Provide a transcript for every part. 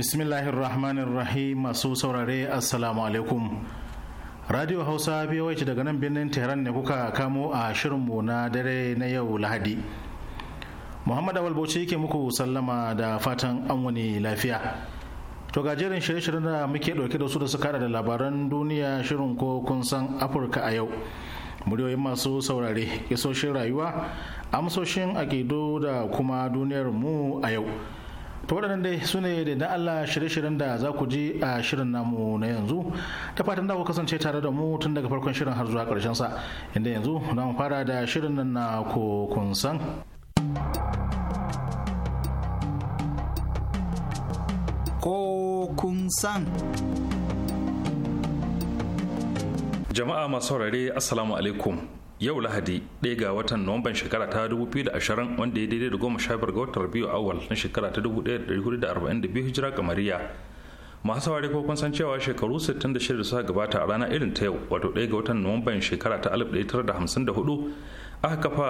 bismillahir rahmanir rahim masu saurare assalamu alaikum radio hausa voh daga nan birnin tehran ne kuka kamo a shirin mu na dare na yau lahadi muhammad awal bauchi yake muku sallama da fatan an wani lafiya to gajeren shirye-shiryen da muke dauke da su da suka da labaran duniya shirin ko kun san afirka a yau muryoyin masu saurare kisoshin rayuwa amsoshin akido da kuma duniyar mu a yau to waɗannan dai su ne da Allah shirye-shiryen da za ku ji a shirin namu na yanzu ta fatan da ku kasance tare da mu tun daga farkon shirin har zuwa ƙarshen sa inda yanzu na mu fara da shirin nan na kun san ko kun san jama'a masu saurare assalamu alaikum yau lahadi ɗaya ga watan nuwamban shekara ta 2020 wanda ya daidai da goma sha biyar ga watan rabiu awal na shekara ta 1442 hijira kamariya masu saurari ko kun san cewa shekaru 66 da suka gabata a rana irin ta yau wato ɗaya ga watan nuwamban shekara ta 1954 aka kafa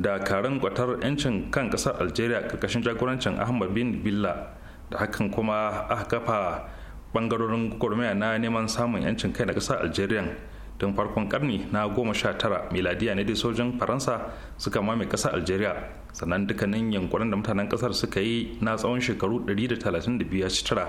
da karin kwatar 'yancin kan ƙasar algeria ƙarƙashin jagorancin ahmad bin billa da hakan kuma aka kafa bangarorin gwagwarmaya na neman samun 'yancin kai na ƙasar algeria tun farkon karni na goma sha tara miladiya ne dai sojin faransa suka mame kasar algeria sannan dukkanin yankunan da mutanen kasar suka yi na tsawon shekaru 132 ya ci tara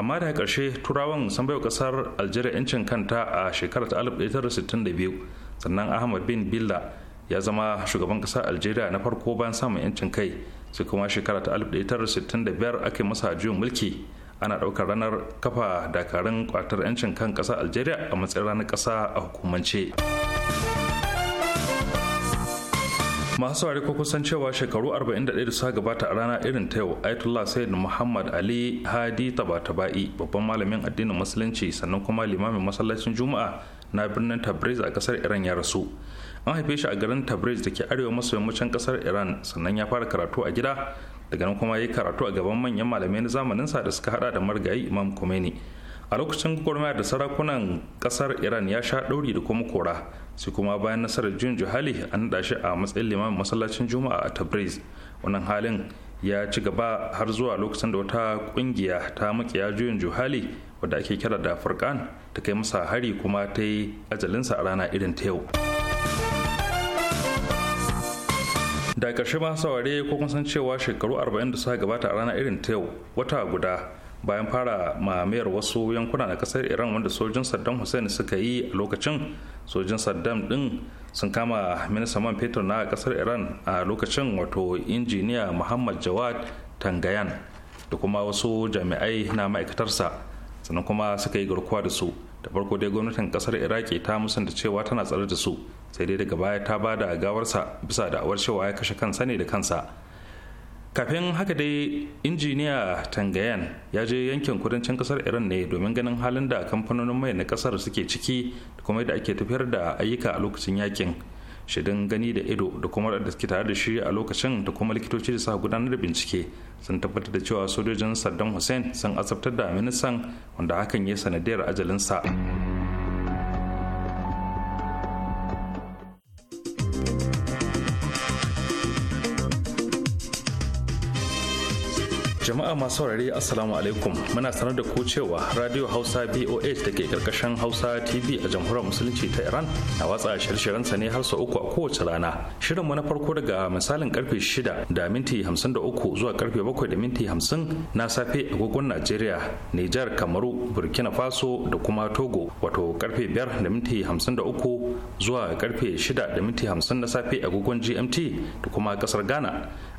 amma da karshe turawan sun baiwa kasar algeria 'yancin kanta a shekarar 1962 sannan ahmad bin billa ya zama shugaban kasar algeria na farko bayan samun 'yancin kai sai kuma shekarar 1965 ake masa juyin mulki ana ɗaukar ranar kafa dakarun kwatar 'yancin kan kasa algeria a matsayin ranar kasa a hukumance masu saurari ko kusan cewa shekaru 41 da suka gabata a rana irin ta yau ayatollah sayyid muhammad ali hadi tabatabai babban malamin addinin musulunci sannan kuma limamin masallacin juma'a na birnin tabriz a kasar iran ya rasu an haife shi a garin tabriz da ke arewa maso yammacin kasar iran sannan ya fara karatu a gida daga nan kuma ya yi karatu a gaban manyan malamai na zamanin sa da suka hada da margayi imam khomeini a lokacin gwagwarmaya da sarakunan kasar iran ya sha dauri da kuma kora sai kuma bayan nasarar jun juhali an naɗa shi a matsayin liman masallacin juma'a a tabriz wannan halin ya ci gaba har zuwa lokacin da wata kungiya ta makiya juyin juhali wadda ake kira da furkan ta kai masa hari kuma ta yi ajalinsa a rana irin ta yau da karshe ma saurare ko kun san cewa shekaru 40 da suka gabata a ranar irin ta yau wata guda bayan fara mamayar wasu yankuna na kasar iran wanda sojin saddam hussein suka yi a lokacin sojin saddam din sun kama ministan man fetur na kasar iran a lokacin wato injiniya muhammad jawad tangayan da kuma wasu jami'ai na ma'aikatarsa sannan kuma suka yi garkuwa da su da farko dai gwamnatin kasar iraki ta musanta cewa tana tsare da su sai dai daga baya ta bada da gawarsa bisa da awar cewa ya kashe kansa ne da kansa kafin haka dai injiniya tangayan ya je yankin kudancin kasar iran ne domin ganin halin da kamfanonin mai na kasar suke ciki da kuma yadda ake tafiyar da ayyuka a lokacin yakin shaidun gani da ido da kuma da suke tare da shi a lokacin da kuma likitoci da suka gudanar da bincike sun tabbatar da cewa sojojin saddam hussein sun asabtar da aminu san wanda hakan ya sanadiyar ajalinsa jama'a masu saurare assalamu alaikum muna sanar da ku cewa radio hausa boh da ke karkashin hausa tv a jamhuriyar musulunci ta iran na watsa shirye sa ne har sau uku a kowace rana shirin na farko daga misalin karfe shida da minti hamsin zuwa karfe bakwai da minti hamsin na safe agogon najeriya nijar kamaru burkina faso da kuma togo wato karfe 5 da minti hamsin zuwa karfe shida da minti hamsin na safe agogon gmt da kuma kasar ghana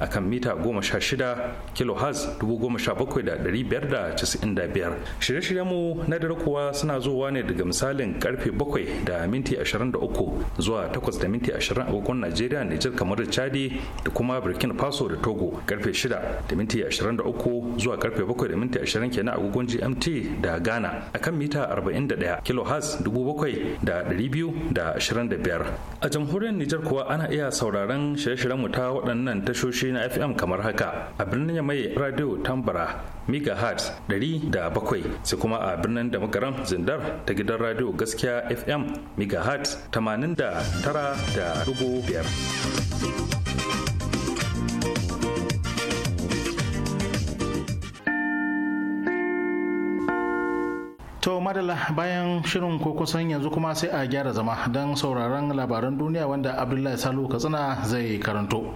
a kan mita 16 kilohertz 17,595. Shirye-shiryen mu na dare kuwa suna zuwa ne daga misalin karfe 7 da minti 23 zuwa 8 da minti 20 a agogon Najeriya, Nijar, kamar Chadi da kuma Burkina Faso da Togo karfe 6 da minti 23 zuwa karfe 7 da minti 20 kenan agogon GMT da Ghana a kan mita 41 kilohertz 7,225. A jamhuriyar Nijar kuwa ana iya sauraron shirye-shiryen mu ta waɗannan tashoshi tashoshi na FM kamar haka a birnin mai radio Tambara da bakwai sai kuma a birnin da magaram zindar ta gidan radio gaskiya FM da megahertz 89.5 To madala bayan shirin ko kusan yanzu kuma sai a gyara zama don sauraron labaran duniya wanda Abdullahi Salu Katsina zai karanto.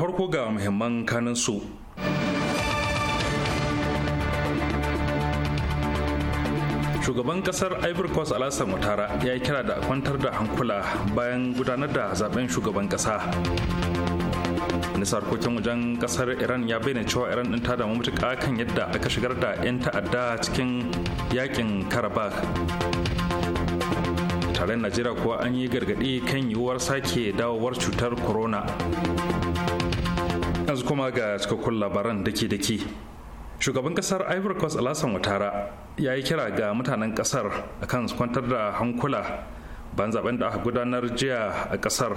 farko ga muhimman kanin su shugaban kasar ivory coast alasan watara ya yi kira da kwantar da hankula bayan gudanar da zaben shugaban kasa nisar harkokin wajen kasar iran ya bayyana cewa iran din ta damu matuƙa kan yadda aka shigar da 'yan ta'adda cikin yakin karabakh tarayyar najeriya kuwa an yi gargaɗi kan yiwuwar sake dawowar cutar corona yanzu kuma ga cikakkun labaran dake-dake shugaban kasar ivory coast alasan watara ya yi kira ga mutanen kasar akan kan kwantar da hankula ban zaben da aka gudanar jiya a kasar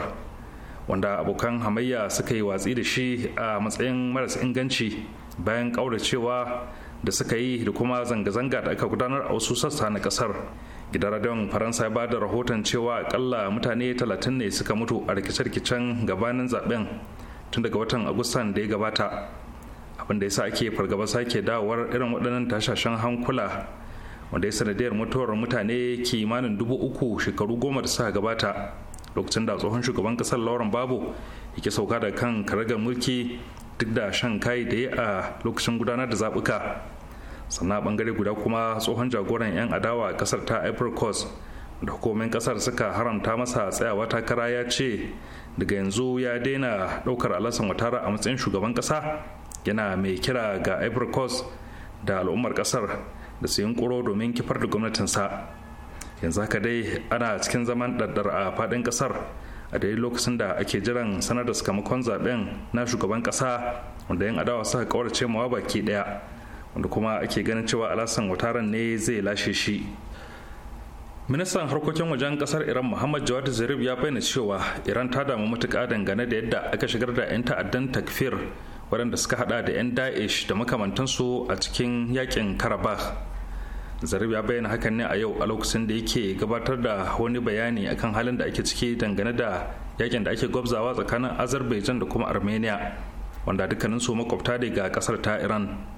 wanda abokan hamayya suka yi watsi da shi a matsayin maras inganci bayan kauracewa da suka yi da kuma zanga-zanga da aka gudanar a wasu sassa na kasar gidan radiyon faransa ya ba da rahoton cewa akalla mutane 30 ne suka mutu a rikice-rikicen gabanin zaben tun daga watan agustan da ya gabata abin da ya sa ake fargaba sake dawowar irin waɗannan tashashen hankula wanda ya sanadiyar mutuwar mutane kimanin dubu uku shekaru goma da suka gabata lokacin da tsohon shugaban ƙasar lauren babu yake sauka da kan karagar mulki duk da shan kai da ya a lokacin gudanar da zaɓuka sannan a bangare guda kuma tsohon jagoran 'yan adawa a kasar ta coast da hukumomin kasar suka haramta masa tsayawa takara ya ce daga yanzu ya daina ɗaukar alasan watara a matsayin shugaban kasa yana mai kira ga coast da al'ummar kasar da su yunkuro domin kifar da gwamnatinsa yanzu haka dai ana cikin zaman daddar a faɗin kasar a daidai lokacin da ake jiran sanar da sakamakon zaben na shugaban kasa wanda yan adawa suka kawarce mawa baki ɗaya. wanda kuma ake ganin cewa alasan wataran ne zai lashe shi ministan harkokin wajen kasar iran muhammad jawad zarif ya bayyana cewa iran ta damu matuƙa dangane da yadda aka shigar da 'yan ta'addan takfir waɗanda suka hada da 'yan daesh da makamantansu a cikin yakin karabakh zarif ya bayyana hakan ne a yau a lokacin da yake gabatar da wani bayani akan halin da ake ciki dangane da yakin da ake gwabzawa tsakanin azerbaijan da kuma armenia wanda dukkaninsu makwabta daga kasar ta iran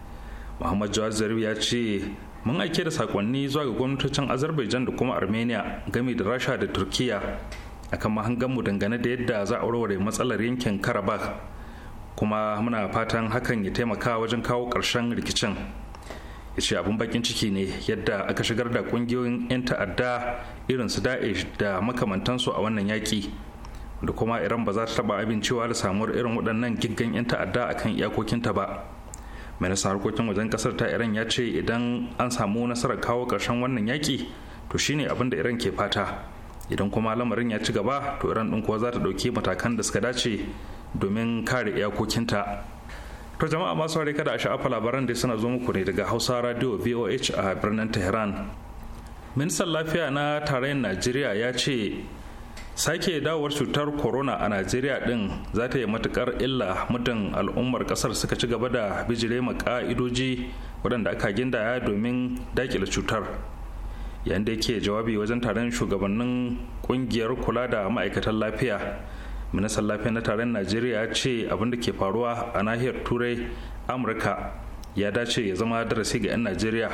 muhammad jawad zarif ya ce mun aike da sakonni zuwa ga gwamnatocin azerbaijan da kuma armenia game da rasha da turkiya akan mahanganmu dangane da yadda za a warware matsalar yankin karabakh kuma muna fatan hakan ya taimaka wajen kawo ƙarshen rikicin ya ce abin bakin ciki ne yadda aka shigar da ƙungiyoyin 'yan ta'adda irin su da'ish da makamantansu a wannan yaƙi da kuma iran ba za ta taɓa amincewa da samuwar irin waɗannan giggan 'yan ta'adda akan iyakokinta ba minista harkokin wajen kasar ta iran ya ce idan an samu nasarar kawo karshen wannan yaƙi to shine abin da iran ke fata idan kuma lamarin ya ci gaba to iran ɗin kuwa za ta ɗauki matakan da suka dace domin kare iyakokinta to jama'a masu rai kada a sha'afa labaran da suna zo muku ne daga hausa radio voh a birnin tehran ministan lafiya na tarayyar najeriya ya ce sake dawowar cutar corona a najeriya din za ta yi matukar illa muddin al'ummar kasar suka ci gaba da bijire ma ka'idoji waɗanda aka gindaya domin dakile cutar yayin da yake jawabi wajen taron shugabannin kungiyar kula da ma'aikatan lafiya ministan lafiya na taron najeriya ce abin da ke faruwa a nahiyar turai amurka ya dace ya zama darasi ga 'yan najeriya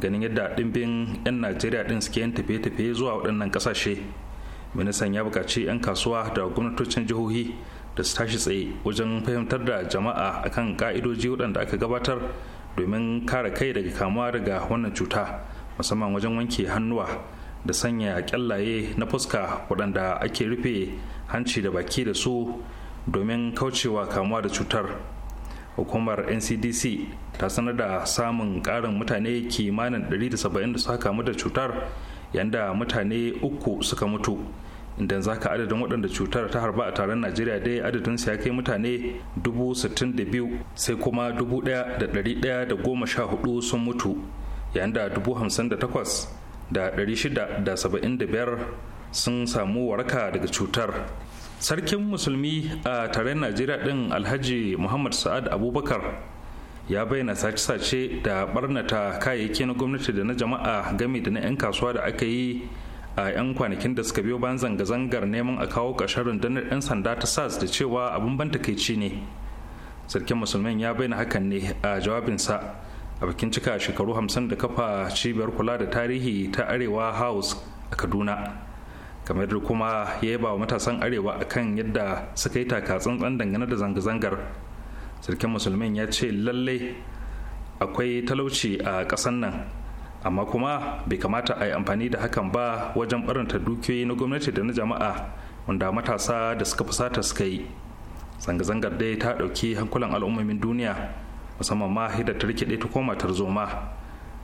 ganin yadda ɗimbin 'yan najeriya ɗin suke yin tafiye-tafiye zuwa waɗannan ƙasashe ministan ya buƙaci 'yan kasuwa da gwamnatocin jihohi da su tashi tsaye wajen fahimtar da jama'a akan ka'idoji waɗanda aka gabatar domin kare kai daga kamuwa daga wannan cuta musamman wajen wanke hannuwa da sanya ƙyallaye na fuska waɗanda ake rufe hanci da baki da su domin kaucewa kamuwa da cutar hukumar ncdc ta sanar da samun ƙarin mutane kimanin 170 da suka kamu da cutar yanda mutane uku suka mutu inda ka adadin waɗanda cutar ta harba a taron najeriya dai adadin ya kai mutane 62,000 sai kuma 1,114 sun mutu yayin da 58,675 sun samu waraka daga cutar sarkin musulmi a taron najeriya ɗin alhaji muhammad sa'ad abubakar ya bayyana sace-sace da barnata kayayyaki na gwamnati da na jama'a game da na 'yan kasuwa da aka yi a 'yan kwanakin da suka biyo bayan zanga-zangar neman a kawo kashar rundunar 'yan sanda ta sas da cewa abin ban takaici ne sarkin musulmin ya bayyana hakan ne a jawabinsa a bikin cika shekaru hamsin da kafa cibiyar kula da tarihi ta arewa house a kaduna kamar kuma ya yaba wa matasan arewa akan yadda suka yi taka tsantsan dangane da zanga-zangar sarkin musulmin ya ce lallai akwai talauci a ƙasan nan amma kuma bai kamata a yi amfani da hakan ba wajen barinta dukiyoyi na gwamnati da na jama'a wanda matasa da suka fusata suka yi zanga-zangar dai ta ɗauki hankulan al'ummomin duniya musamman ma hidda ta rikide ta koma tarzoma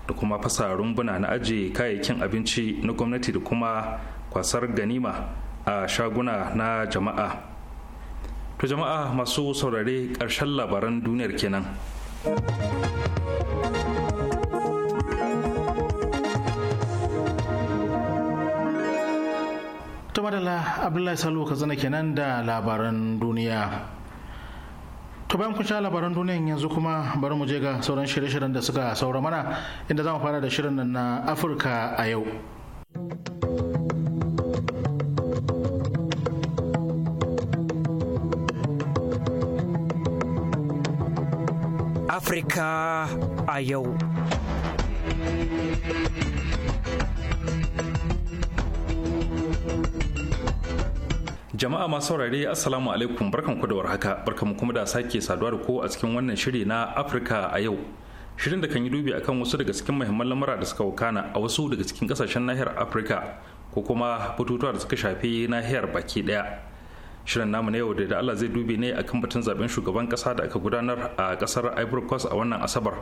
da kuma fasa rumbuna na ajiye kayayyakin abinci na gwamnati da kuma kwasar ganima a shaguna na jama'a to jama'a masu saurare ƙarshen labaran duniyar kenan ta madalla abdullahi Salu ka zana kenan da labaran duniya To bayan kun labaran duniyan yanzu kuma bari mu je ga sauran shirye-shiryen da suka saura mana inda za mu fara da shirin nan na Afirka a yau. Afirka a yau. Jama'a masu saurare Assalamu alaikum barkanku da warhaka barkanku kuma da sake saduwa da ko a cikin wannan shiri na Afirka a yau. Shirin da kan yi dubi akan wasu daga cikin muhimman lamura da suka wakana a wasu daga cikin kasashen nahiyar Afirka ko kuma batutuwa da suka shafi nahiyar baki daya. shirin namu na yau da da Allah zai dube ne akan batun zaben shugaban kasa da aka gudanar a kasar Ivory Coast a wannan Asabar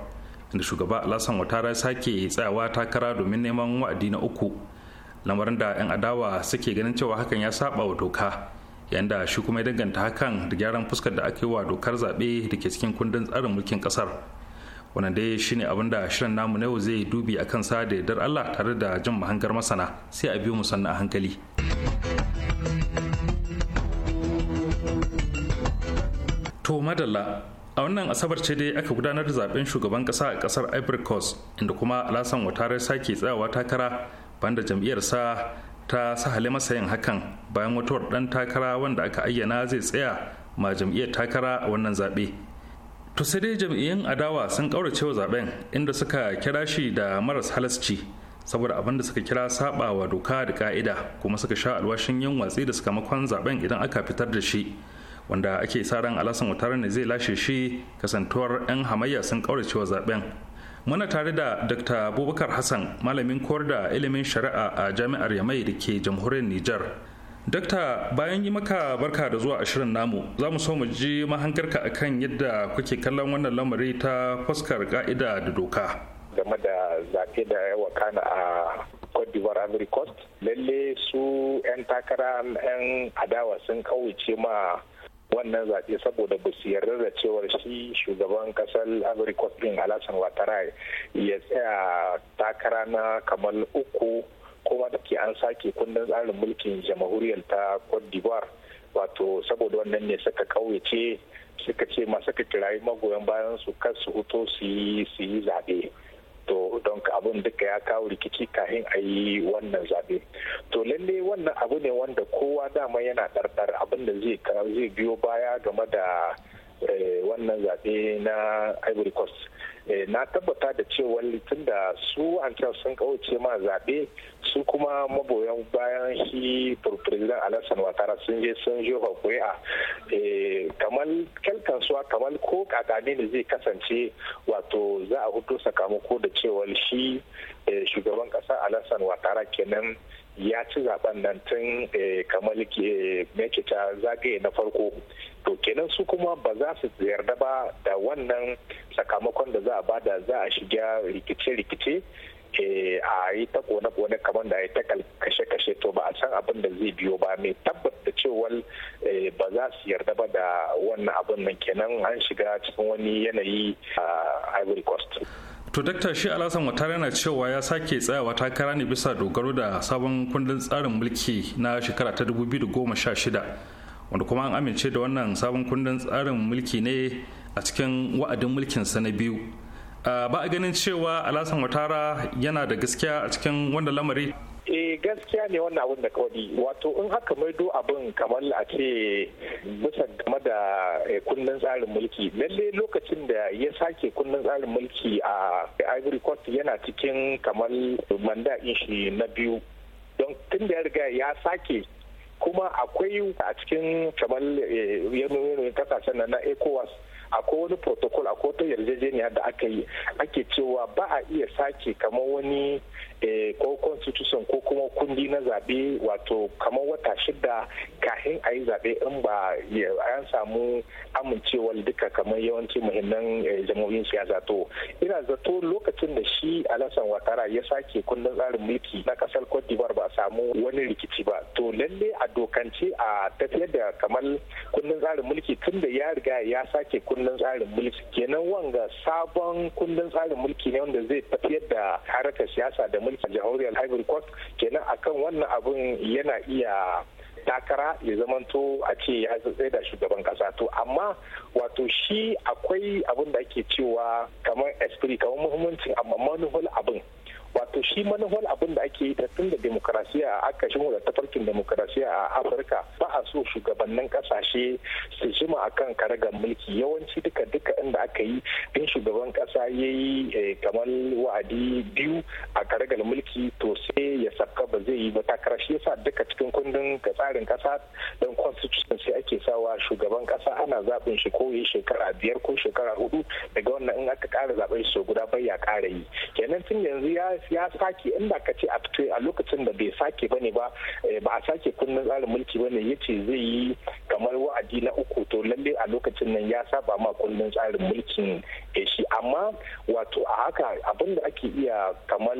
inda shugaba Alassane Ouattara sake tsayawa takara domin neman wa'adi na uku lamarin da 'yan adawa suke ganin cewa hakan ya saba wa doka yayin da shi kuma ya danganta hakan da gyaran fuskar da aka yi wa dokar zaɓe da ke cikin kundin tsarin mulkin kasar wannan dai shine abin da shirin namu na yau zai dubi akan sa da yardar Allah tare da jin mahangar masana sai a biyo mu sannan a hankali. to madalla a wannan asabar ce dai aka gudanar da zaben shugaban kasa a kasar ivory coast inda kuma alasan watarar sake tsayawa takara banda jam'iyyar sa ta sahale masa yin hakan bayan mutuwar dan takara wanda aka ayyana zai tsaya ma jam'iyyar takara a wannan zabe to sai dai jam'iyyun adawa sun wa zaben inda suka kira shi da maras halasci saboda abin da suka kira saba wa doka da ka'ida kuma suka sha alwashin yin watsi da sakamakon zaben idan aka fitar da shi wanda ake sa ran alasan tare ne zai lashe shi kasantuwar 'yan hamayya sun kauracewa zaben muna tare da dr abubakar hassan malamin koyar da ilimin shari'a a jami'ar yamai da ke jamhuriyar nijar Dr bayan yi maka barka da zuwa ashirin namu za mu so mu ji mahankarka akan yadda kuke kallon wannan lamari ta fuskar ka'ida da doka game da zafi da yawa kana a Cote d'Ivoire Ivory Coast lalle su 'yan takara 'yan adawa sun kauce ma wannan zaɓe saboda ba su yarda da cewar shi shugaban ƙasar ivory coast ɗin alasan watara ya tsaya takara na kamar uku kuma da ke an sake kundin tsarin mulkin jamhuriyar ta cote d'ivoire wato saboda wannan ne suka kauyace suka ce masu kirayi magoyan bayan su kar su huto su yi zaɓe to don abun duka ya kawo rikici kafin a yi wannan zaɓe to lalle wannan abu ne wanda kowa dama yana ɗarɗar abin da zai biyo baya game da Eh, wannan zaɓe na ivory coast eh, na tabbata da cewa tun da su an sun kawace ma zaɓe su kuma maboyan bayan shi president alasan watara sun je sun jefa a eh, kamar kyalkansuwa kamar ko kakane ne zai kasance wato za a hudu sakamako da cewa shi shugaban ƙasa alasan watara kenan ya ci zaben nan tun eh, kamar ke eh, ta zagaye na farko to kenan su kuma ba za su yarda ba da wannan sakamakon da za a bada za a shiga rikice-rikice eh, a yi ta kone-kone kamar da ya ta kashe-kashe to ba a san abin da zai biyo ba mai da cewa ba za su yarda ba da wannan abin nan kenan an shiga cikin wani yanayi a ah, ivory coast to dakta shi alasan watara yana cewa ya sake tsayawa takara ne bisa dogaro da sabon kundin tsarin mulki na shekara ta 2016 wanda kuma an amince da wannan sabon kundin tsarin mulki ne a cikin wa'adin mulkinsa na biyu ah, ba a ganin cewa alasan watara yana da gaskiya a cikin wanda lamari eh gaskiya ne wannan abin da kawai wato in haka maido abin kamar a ce bisa game da eh, kundin tsarin mulki lalle lokacin da ya sake kundin tsarin mulki a ivory coast yana cikin kamar manda shi na biyu don tun da ya riga ya sake kuma akwai a cikin kamar eh, yanayin kasashen na ecowas akwai wani protocol akwai wata yarjejeniya da aka yi ake cewa ba a iya sake kamar wani Eh, ko constitution ko kuma kundi na zaɓe wato kamar wata shida kafin a yi zaɓe in ba an samu amincewar duka kamar yawanci muhimman eh, jamhuriyar siyasa to ina zato lokacin da shi alasan watara ya sake kundin tsarin mulki na kasar cote d'ivoire ba a samu wani rikici ba to lalle a dokance a tafiyar da kamar kundin tsarin mulki tun da ya riga ya sake kundin tsarin mulki kenan wanga sabon kundin tsarin mulki ne wanda zai tafiyar da harkar siyasa da mulki a jahauri alhaibin kwas kenan akan wannan abun yana iya takara ya zamanto a ce ya tsaye da shugaban kasa to amma wato shi akwai abun da ake cewa kamar esprit kamar muhimmancin amma manufar abin wato shi manufar abin da ake yi tun da demokarasiya a aka wadda ta farkin demokarasiya a afirka ba a so shugabannin kasashe su jima a kan karagar mulki yawanci duka duka inda aka yi in shugaban kasa ya yi eh, kamar wa'adi biyu a karagar mulki to sai ya ba zai yi ba takara shi yasa duka cikin kundin ga tsarin kasa don constitution sai ake sawa shugaban kasa ana zaɓin shi ko shekara biyar ko shekara hudu daga wannan in aka ƙara zaɓen shi so guda bai ya ƙara yi kenan tun yanzu ya sake in ba ka ce a lokacin da bai sake bane ba eh, ba a sake kundin tsarin mulki bane yace zai yi kamar wa'adi na uku to lalle a lokacin nan ya saba ma kundin tsarin mulkin shi amma wato a haka abin da ake iya kamar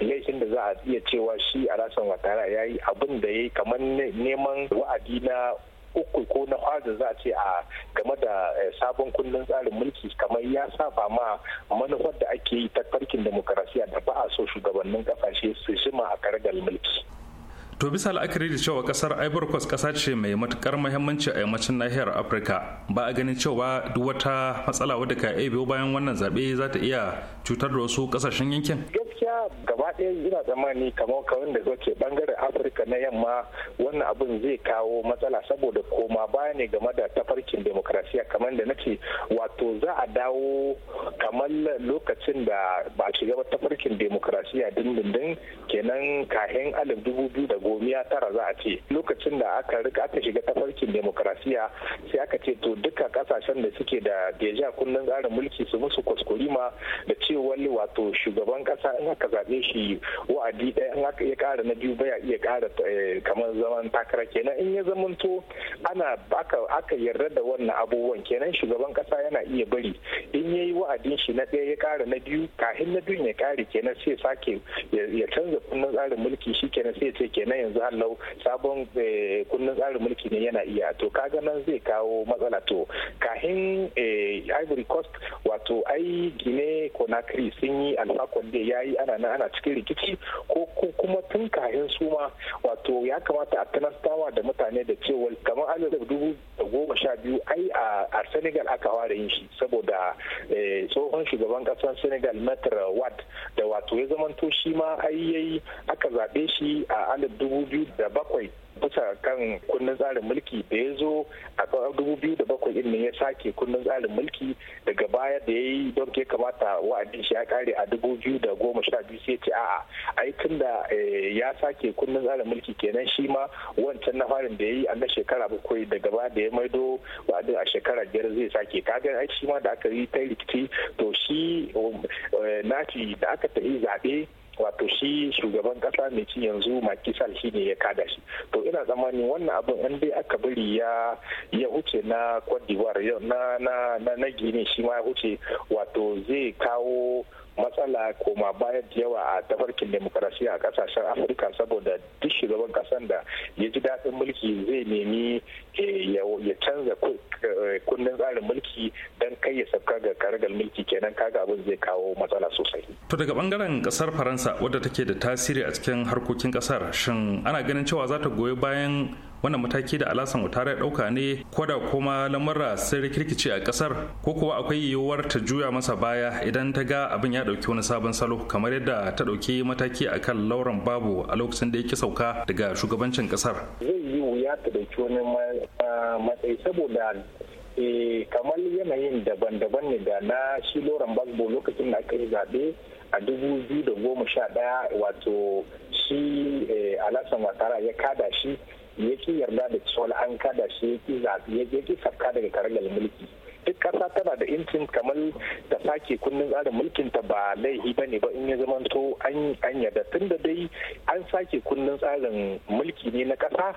laifin da za a iya cewa shi a rasan watara ya yi abin da ya yi kamar neman wa'adi na uku ko na fada za a ce a game da eh, sabon kundin tsarin mulki kamar ya saba ma manufar da ake yi ta farkin demokarasiya da ba a so shugabannin kasashe su shima a karagar mulki. to bisa la'akari da cewa kasar ivory coast kasa ce mai matukar muhimmanci a yammacin nahiyar afirka ba a ganin cewa duk wata matsala wadda ka yi biyo bayan wannan zaɓe za ta iya cutar da wasu kasashen yankin gaskiya gaba ɗaya ina tsammani kamar kawai da ke bangaren afirka na yamma wannan abin zai kawo matsala saboda koma baya ne game da tafarkin demokrasiya kamar da nake wato za a dawo kamar lokacin da ba shiga tafarkin demokrasiya dindindin kenan kahin alif dubu biyu da gomiya tara za a ce lokacin da aka rika aka shiga tafarkin demokrasiya sai aka ce to duka kasashen da suke da deja kunnen tsarin mulki su musu ma da cewa wato shugaban kasa in aka zaɓe shi wa'adi ɗaya in aka iya ƙara na biyu baya iya ƙara eh, kamar zaman takara kenan in ya zamanto ana aka yarda da wannan abubuwan kenan shugaban kasa yana iya bari in yayi wa'adin shi na ɗaya ya ƙara na biyu kafin na biyun ya ƙare kenan sai sake ya canza kunnen tsarin mulki shi kenan sai ce kenan na yanzu hallau sabon eh, kundin tsarin mulki ne yana iya to kaga nan zai kawo matsala to kahin eh, ivory coast wato ai gine conakry sun yi alfakon da ya yi ana nan ana cikin rikici ko kuma tun kayan suma wato ya kamata a tanastawa da mutane da cewa kamar alif dubu da goma sha biyu ai a senegal aka ware yin shi saboda eh, tsohon shugaban kasar senegal metro ward da wato ya zamanto shi ma ai yayi aka zaɓe shi a alif dubu biyu da bakwai bisa kan kundin tsarin mulki da ya zo a dubu biyu da bakwai ne ya sake kundin tsarin mulki daga baya da ya yi don ke kamata wa'adin shi ya kare a dubu biyu da goma sha biyu sai ce a'a aikin da eh, ya sake kundin tsarin mulki kenan shi ma wancan na farin da ya yi a na shekara bakwai daga baya da ya maido wa'adin a shekara biyar zai sake kaga ai shi ma da aka yi ta rikici to shi um, eh, nati da aka ta yi zaɓe wato shi shugaban kasa mai ci yanzu makisal shi ne ya kada shi to ina tsammanin wannan abin in dai aka bari ya ya huce na cote d'ivoire na na na gini shi ma ya huce wato zai kawo matsala koma bayan da yawa a tafarkin demokarasiya a kasashen afirka saboda duk shugaban kasan da ya ji daɗin mulki zai nemi eh, ya canza eh, kundin tsarin mulki don kai ya sauka ga karagar mulki kenan kaga abin zai kawo matsala sosai to daga bangaren kasar faransa wadda take da tasiri a cikin harkokin kasar shin ana ganin cewa za ta goyi bayan wannan mataki da alasan watara ya dauka ne koda kuma lamura sun rikirkice a kasar ko kuwa akwai yiwuwar ta juya masa baya idan ta ga abin ya dauki wani sabon salo kamar yadda ta dauki mataki akan lauren babu a lokacin da yake sauka daga shugabancin kasar zai yi wuya ta dauki wani matsayi saboda eh, kamar yanayin daban-daban ne da na shi lauren bagbo lokacin da aka yi zaɓe a da goma sha ɗaya wato shi eh, alasan watara ya kada shi ya yarda da cewa an kada shi ya ki zaɓi ya sarka daga karagar mulki duk ƙasa tana da incin kamar ta sake kundin tsarin mulkin ta ba laifi ba ne ba in ya zama to an yarda tun da dai an sake kundin tsarin mulki ne na ƙasa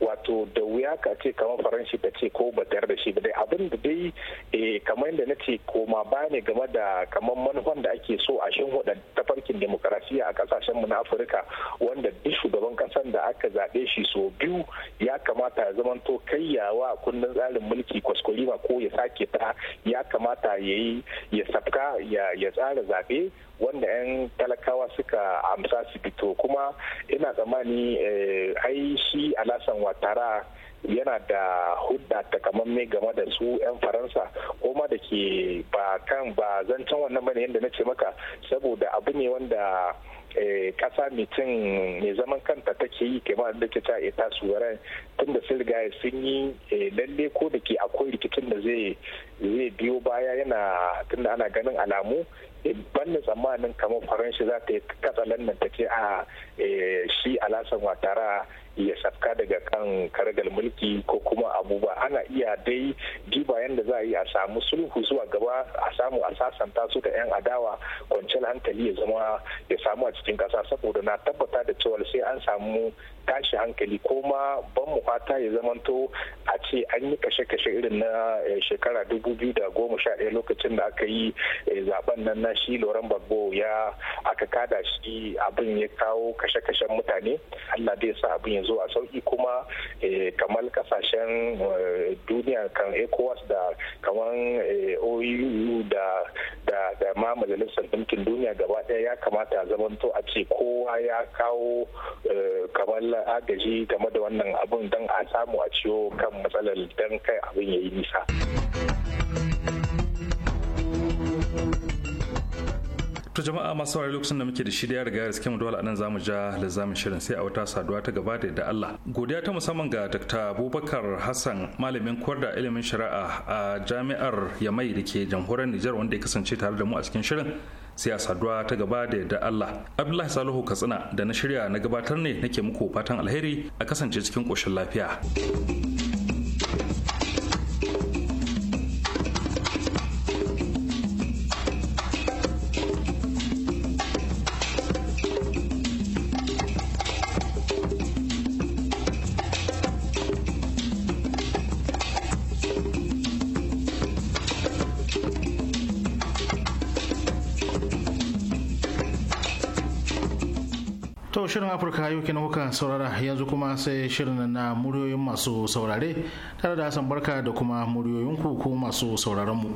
wato da wuya ka ce kamar faranshi ta ce ko ba ta da shi ba dai abin da dai eh, kamar yadda na ce koma ba ne game da kamar manufan da ake so a shin hudu tafarkin demokarasiya a kasashenmu na afirka wanda duk shugaban kasan da aka zaɓe shi so biyu ya kamata ya zamanto kayyawa a kundin tsarin mulki kwaskwarima ko ya sake ta ya kamata ya yi ya sabka ya tsara zaɓe wanda 'yan talakawa suka amsa su fito kuma ina tsammani eh, ai shi alasan watara yana da hudda takamamme game da su 'yan faransa koma da ke ba kan ba zancen wannan bane yadda na ce maka saboda abu ne wanda Eh, kasa mitin mai zaman kanta take yi kamar da ke ta ita suwaran tun da sun sun yi eh, lalle ko da ke akwai rikicin da zai biyo baya yana tun da ana ganin alamu eh, ban tsammanin kamar faranshi za ta yi katsalan nan ta ce a ah, shi alasan watara ya safka daga kan karagal mulki ko kuma abubuwa ana iya dai diba yadda za a yi a samu sulhu zuwa gaba a samu a sasanta su da 'yan adawa kwanciyar hankali ya zama ya samu a cikin kasa saboda na tabbata da cewa sai an samu tashi hankali ko ma ban mu fata ya zamanto a ce an yi kashe-kashe irin na eh, shekara dubu biyu da goma sha ɗaya lokacin da aka yi eh, zaben nan na shi loren babbo ya aka kada shi abin ya kawo kashe-kashen mutane allah dai sa abin ya zo a sauki kuma eh, kamar kasashen duniya kan ecowas da kamar oeu da majalisar ɗinkin duniya gaba ɗaya ya kamata a zamanto a ce kowa ya kawo eh, kamar agaji game da wannan abun don a samu a ciwo kan matsalar don kai abin ya yi nisa. to jama'a masu saurari lokacin da muke da shi shirya riga da suke dole anan zamu ja lizamin shirin sai a wata saduwa ta gaba da Allah godiya ta musamman ga Dr. Abubakar Hassan malamin koyar da ilimin shari'a a jami'ar Yamai da ke jamhuriyar Nijar wanda ya kasance tare da mu a cikin shirin sai a saduwa ta gaba da yadda Allah Abdullahi Salihu Katsina da na shirya na gabatar ne nake muku fatan alheri a kasance cikin koshin lafiya. shirin afirka yau kenan kuka saurara yanzu kuma sai shirin na muryoyin masu saurare tare da hasan barka da kuma muryoyin ku ko masu sauraron mu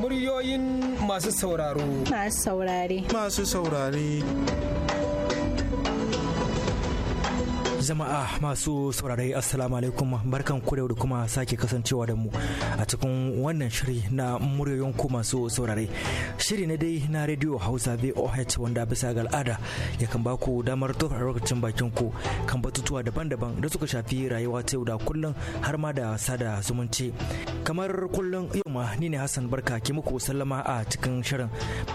muryoyin masu sauraro masu saurare masu saurare jama'a masu saurare assalamu alaikum barkan ku da kuma sake kasancewa da mu a cikin wannan shiri na muryoyin ku masu saurare shiri na dai na radio hausa voh wanda bisa ga al'ada ya kan ba ku damar tofa lokacin bakin ku kan batutuwa daban-daban da suka shafi rayuwa ta yau da kullum har ma da sada zumunci kamar kullum yau ma ni ne hassan barka ke muku sallama a cikin shirin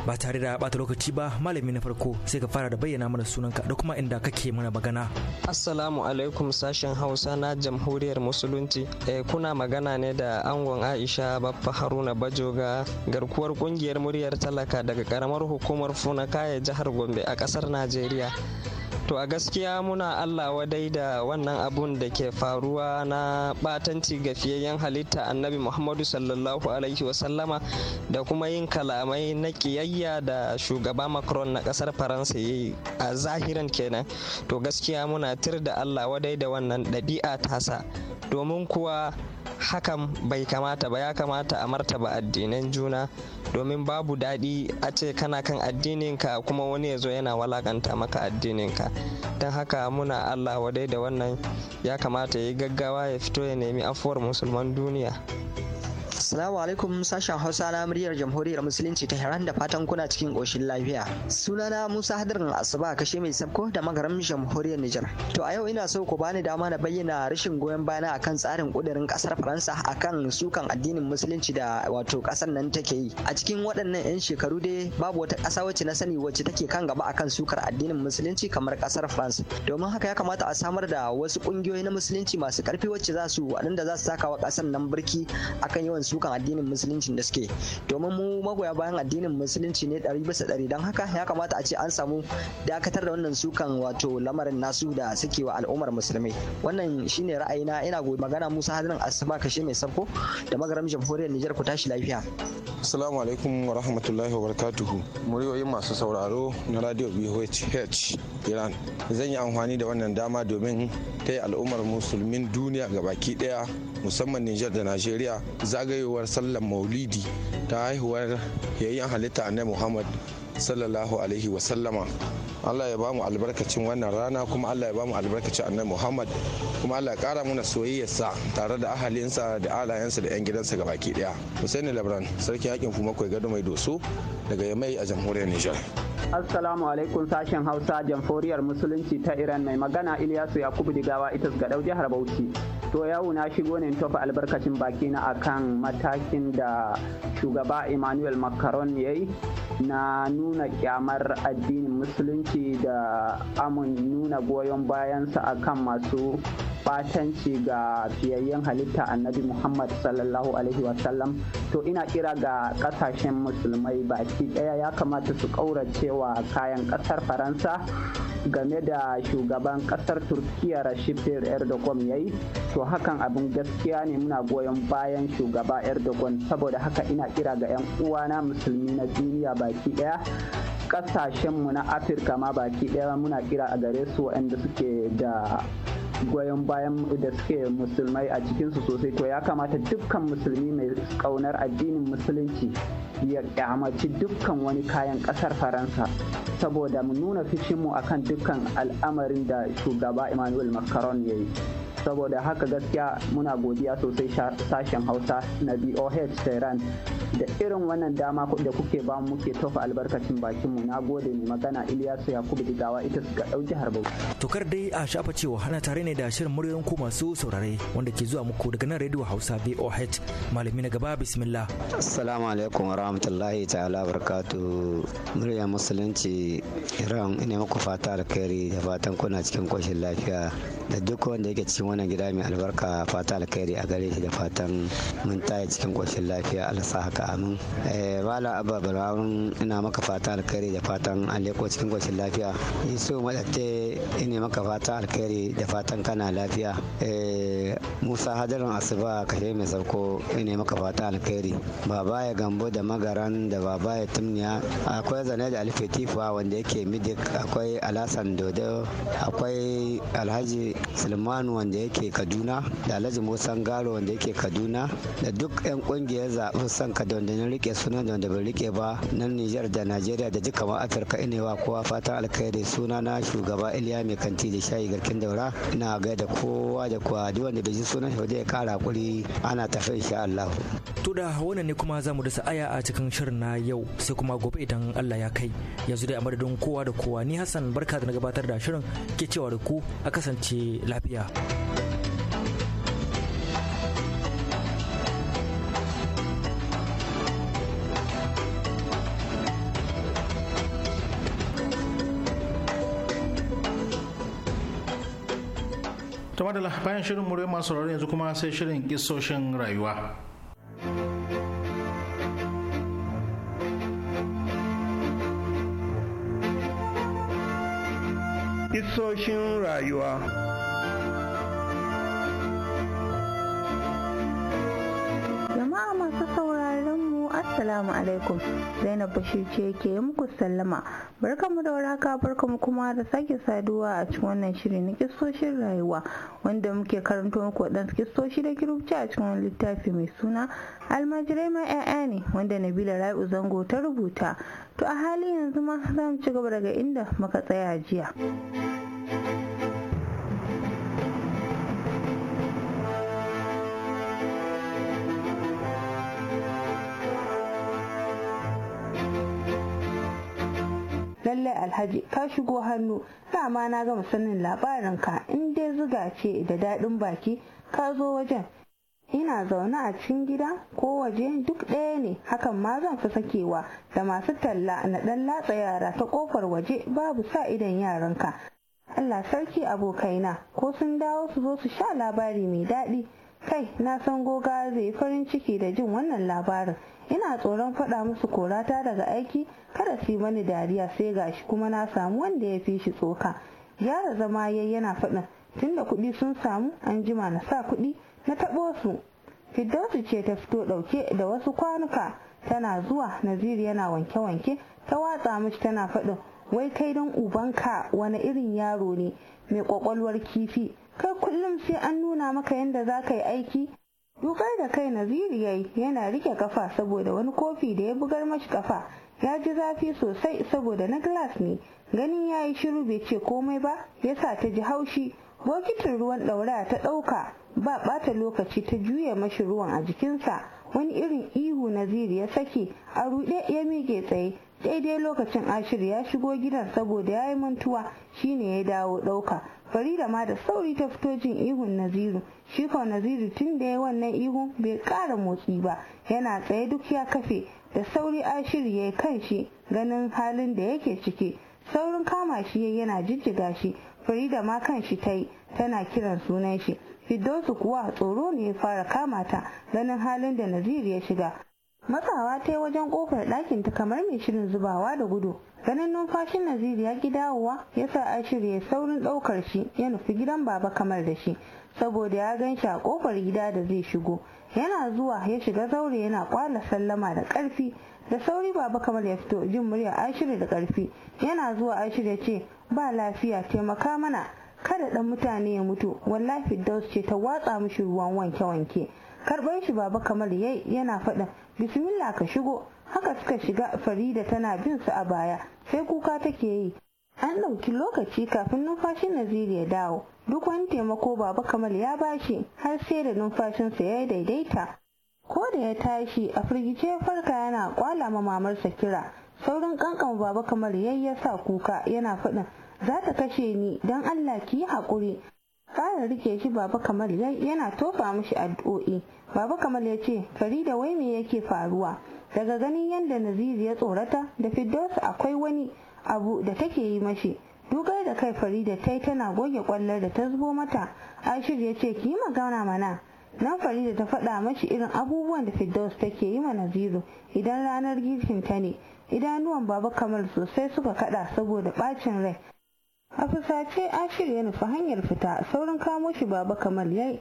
ba tare da bata lokaci ba malami na farko sai ka fara da bayyana mana sunanka da kuma inda kake mana magana assalamu Assalamu alaikum sashen Hausa na Jamhuriyar Musulunci. E, kuna magana ne da angon Aisha Baffa Haruna Bajoga garkuwar kungiyar muryar talaka daga karamar hukumar Funakaya jihar Gombe a kasar Najeriya. to a gaskiya muna allah wadai da wannan abun da ke faruwa na batanci ga fiyayyen halitta annabi muhammadu sallallahu alaihi wasallama da kuma yin kalamai na kiyayya da shugaba macron na kasar faransa ya yi a zahirin kenan to gaskiya muna tir da allah wadai da wannan ɗabi'a tasa domin kuwa hakan bai kamata ba ya kamata a martaba addinan juna domin babu daɗi a ce kana kan addininka kuma wani ya zo yana walakanta maka addininka don haka muna allah wadai da wannan ya kamata ya yi gaggawa ya fito ya nemi afuwar musulman duniya Assalamu alaikum sashen Hausa na muryar Jamhuriyar Musulunci ta Iran da fatan kuna cikin ƙoshin lafiya. Sunana Musa Hadirin Asuba kashe mai sabko da magaram Jamhuriyar Nijar. To a yau ina so ku bani dama na bayyana rashin goyon bayana akan tsarin kudirin ƙasar Faransa akan sukan addinin Musulunci da wato ƙasar nan take yi. A cikin waɗannan 'yan shekaru dai babu wata ƙasa wacce na sani wacce take kan gaba akan sukar addinin Musulunci kamar ƙasar France. Domin haka ya kamata a samar da wasu ƙungiyoyi na Musulunci masu ƙarfi wacce za su waɗanda za su saka wa ƙasar nan birki akan yawan ayyukan addinin musulunci da suke domin mu magoya bayan addinin musulunci ne ɗari bisa ɗari don haka ya kamata a ce an samu dakatar da wannan sukan wato lamarin nasu da suke wa al'ummar musulmi wannan shine ra'ayina ina goyi magana musa hadirin asaba kashe mai sabko da magaram jamhuriyar nijar ku tashi lafiya assalamu alaikum wa rahmatullahi wa barakatuhu muryoyin masu sauraro na radio bhh iran zan yi amfani da wannan dama domin ta al'ummar musulmin duniya gabaki daya musamman nijar da najeriya zagaye zagayowar sallar maulidi ta haihuwar yayin halitta na muhammad sallallahu alaihi wasallama Allah ya bamu albarkacin wannan rana kuma Allah ya bamu albarkacin annabi Muhammad kuma Allah ya kara mana soyayyarsa tare da ahalinsa da alayensa da yan gidansa gabaki daya Hussein Labran sarkin yakin kuma kai gado mai doso daga Yamai a jamhuriyar Nijar Assalamu alaikum sashen Hausa jamhuriyar musulunci ta Iran mai magana Ilyasu Yakubu Digawa ita ga jihar Bauchi to yau na shigo ne tofa albarkacin baki na akan matakin da shugaba emmanuel macron ya yi na nuna kyamar addinin musulunci da amun nuna goyon bayansa akan masu batanci ga fiyayyen halitta annabi muhammad sallallahu alaihi wasallam to ina kira ga kasashen musulmai baki daya ya kamata su kauracewa kayan kasar faransa game da shugaban kasar turkiya rashid erdogan ya yi to hakan abin gaskiya ne muna goyon bayan shugaba erdogan saboda haka ina kira ga 'yan uwana musulmi na duniya baki daya kasashenmu na afirka ma baki daya muna kira a gare su waɗanda suke da goyon bayan da suke musulmai a cikinsu sosai to ya kamata dukkan musulmi mai kaunar addinin musulunci ya kyamaci dukkan wani kayan kasar faransa saboda mu nuna fushinmu akan dukkan al'amarin da shugaba emmanuel macron ya yi saboda haka gaskiya muna godiya sosai sashen hausa na boh tehran da irin wannan dama da kuke ba mu muke tofa albarkacin bakinmu na gode mai magana iliyasu yakubu digawa ita suka dauki harba. tokar dai a shafa cewa hana tare ne da shirin muryoyin ku masu saurare wanda ke zuwa muku daga nan rediyo hausa boh malami na gaba bismillah assalamu alaikum wa rahmatullahi ta'ala barakatu murya musulunci iran ina muku fata alkhairi da fatan kuna cikin koshin lafiya da duk wanda yake cikin wannan gida mai albarka fata alkhairi a gare shi da fatan mun taya cikin ƙoshin lafiya alasa haka amin bala eh, abba barawun ina maka fata alkhairi da fatan an leko cikin ƙoshin lafiya iso madatte ina maka fata alkhairi da fatan kana lafiya eh, musa hadarin asuba kashe mai sauko ina maka fata alkhairi baba ya gambo da magaran da baba ya tumniya akwai zane da alfetifa wanda yake midik akwai alasan dodo akwai alhaji sulmanu wanda yake kaduna da alhaji musan garo wanda yake kaduna da duk 'yan kungiyar zaɓen san kaduna da wanda na rike suna da wanda bai rike ba na nijar da najeriya da duka ma afirka ina wa kowa fatan alkhairi suna na shugaba iliya mai kanti da shayi garkin daura ina gaida kowa da kowa duk wanda bai ji sunan shi ya kara hakuri ana tafi insha Allah. to da wannan ne kuma zamu dasa aya a cikin shirin na yau sai kuma gobe idan Allah ya kai yanzu dai a madadin kowa da kowa ni Hassan barka da na gabatar da shirin ke cewa da ku a kasance lafiya. to madala bayan shirin murya masu sauraro yanzu kuma sai shirin kisoshin rayuwa Isoshin rayuwa Assalamu alaikum Zainab Bashir ce ke muku sallama barkamu da waraka barkamu kuma da sake saduwa a cikin wannan shiri na kistoshin rayuwa wanda muke karanto muku waɗansu kistoshi da kirubci a cikin littafi mai suna almajirai ma 'ya'ya ne wanda Nabila Rai'u Zango ta rubuta to a halin yanzu ma za mu ci gaba daga inda muka tsaya jiya. lalle alhaji ka shigo hannu dama na gama sanin labarin ka in dai ziga ce da daɗin baki ka zo wajen ina zaune a cikin gida ko waje duk ɗaya ne hakan ma zan fi sakewa da masu talla na ɗan latsa yara ta ƙofar waje babu sa idan yaranka Allah sarki abokaina ko sun dawo su zo su sha labari mai daɗi kai na san goga zai farin ciki da jin wannan labarin ina tsoron faɗa musu korata daga aiki kada su yi mani dariya sai gashi kuma na samu wanda ya fi shi tsoka gyara zama yayi yana faɗin tunda kuɗi sun samu an jima na sa kuɗi na taɓo su fiddausu ce ta fito ɗauke da wasu kwanuka tana zuwa naziri yana wanke-wanke ta watsa mishi tana faɗin wai kai don ka wani irin yaro ne mai kwakwalwar kifi kai kullum sai an nuna maka yadda za ka yi aiki dukar da kai naziru yayi yana rike kafa saboda wani kofi da ya bugar mashi kafa ya ji zafi sosai saboda na glass ne ganin ya yi shiru bai ce komai ba ya sa ta ji haushi bokitin ruwan ɗaura ta ɗauka ba ɓata lokaci ta juya mashi ruwan a jikinsa wani irin ihu naziri ya sake a ruɗe ya mike tsaye daidai lokacin ashir ya shigo gidan saboda ya yi mantuwa shine ya dawo ɗauka farida ma da sauri ta fito jin ihun naziru shi kawai naziru tun da ya wannan ihun bai kara motsi ba yana tsaye duk ya kafe da sauri a ya kan shi ganin halin da yake ciki saurin kama shi yana jijjiga shi farida ma kan shi ta yi tana kiran sunan shi fidosu kuwa tsoro ne ya fara kama ta ganin halin da Naziru ya shiga matsawa ta yi wajen kofar ɗakinta kamar mai shirin zubawa da gudu ganin numfashin naziru ya ki dawowa ya sa a shirya saurin ɗaukar shi ya nufi gidan baba kamar da shi saboda ya gan shi a kofar gida da zai shigo yana zuwa ya shiga zaure yana kwala sallama da ƙarfi da sauri baba kamar ya fito jin murya shirya da ƙarfi yana zuwa ashir ya ce ba lafiya taimaka mana kada ɗan mutane ya mutu wallahi firdaus ce ta watsa mishi ruwan wanke-wanke karban shi baba kamar yai yana faɗa bismillah ka shigo haka suka shiga farida tana bin su a baya sai kuka take yi an ɗauki lokaci kafin numfashin naziri ya dawo duk wani taimako baba kamar ya bashi har sai da numfashinsa ya daidaita ko da ya tashi a firgice ya farka yana kwala ma mamarsa kira saurin kankan baba kamar yayi ya sa kuka yana faɗin za ta kashe ni don allah ki yi haƙuri fara rike shi baba kamal yana tofa mishi addu'o'i baba kamal ya ce farida wai me yake faruwa daga ganin yadda Naziru ya tsorata da fiddos akwai wani abu da take yi mashi dukai da kai farida ta yi tana goge kwallar da ta zubo mata ashir ya ce ki yi magana mana nan farida ta faɗa mashi irin abubuwan da fiddaus take yi ma naziru idan ranar girkin ta ne idanuwan baba kamal sosai suka kada saboda bacin rai a fusace a ya nufi hanyar fita saurin kamo shi baba kamal ya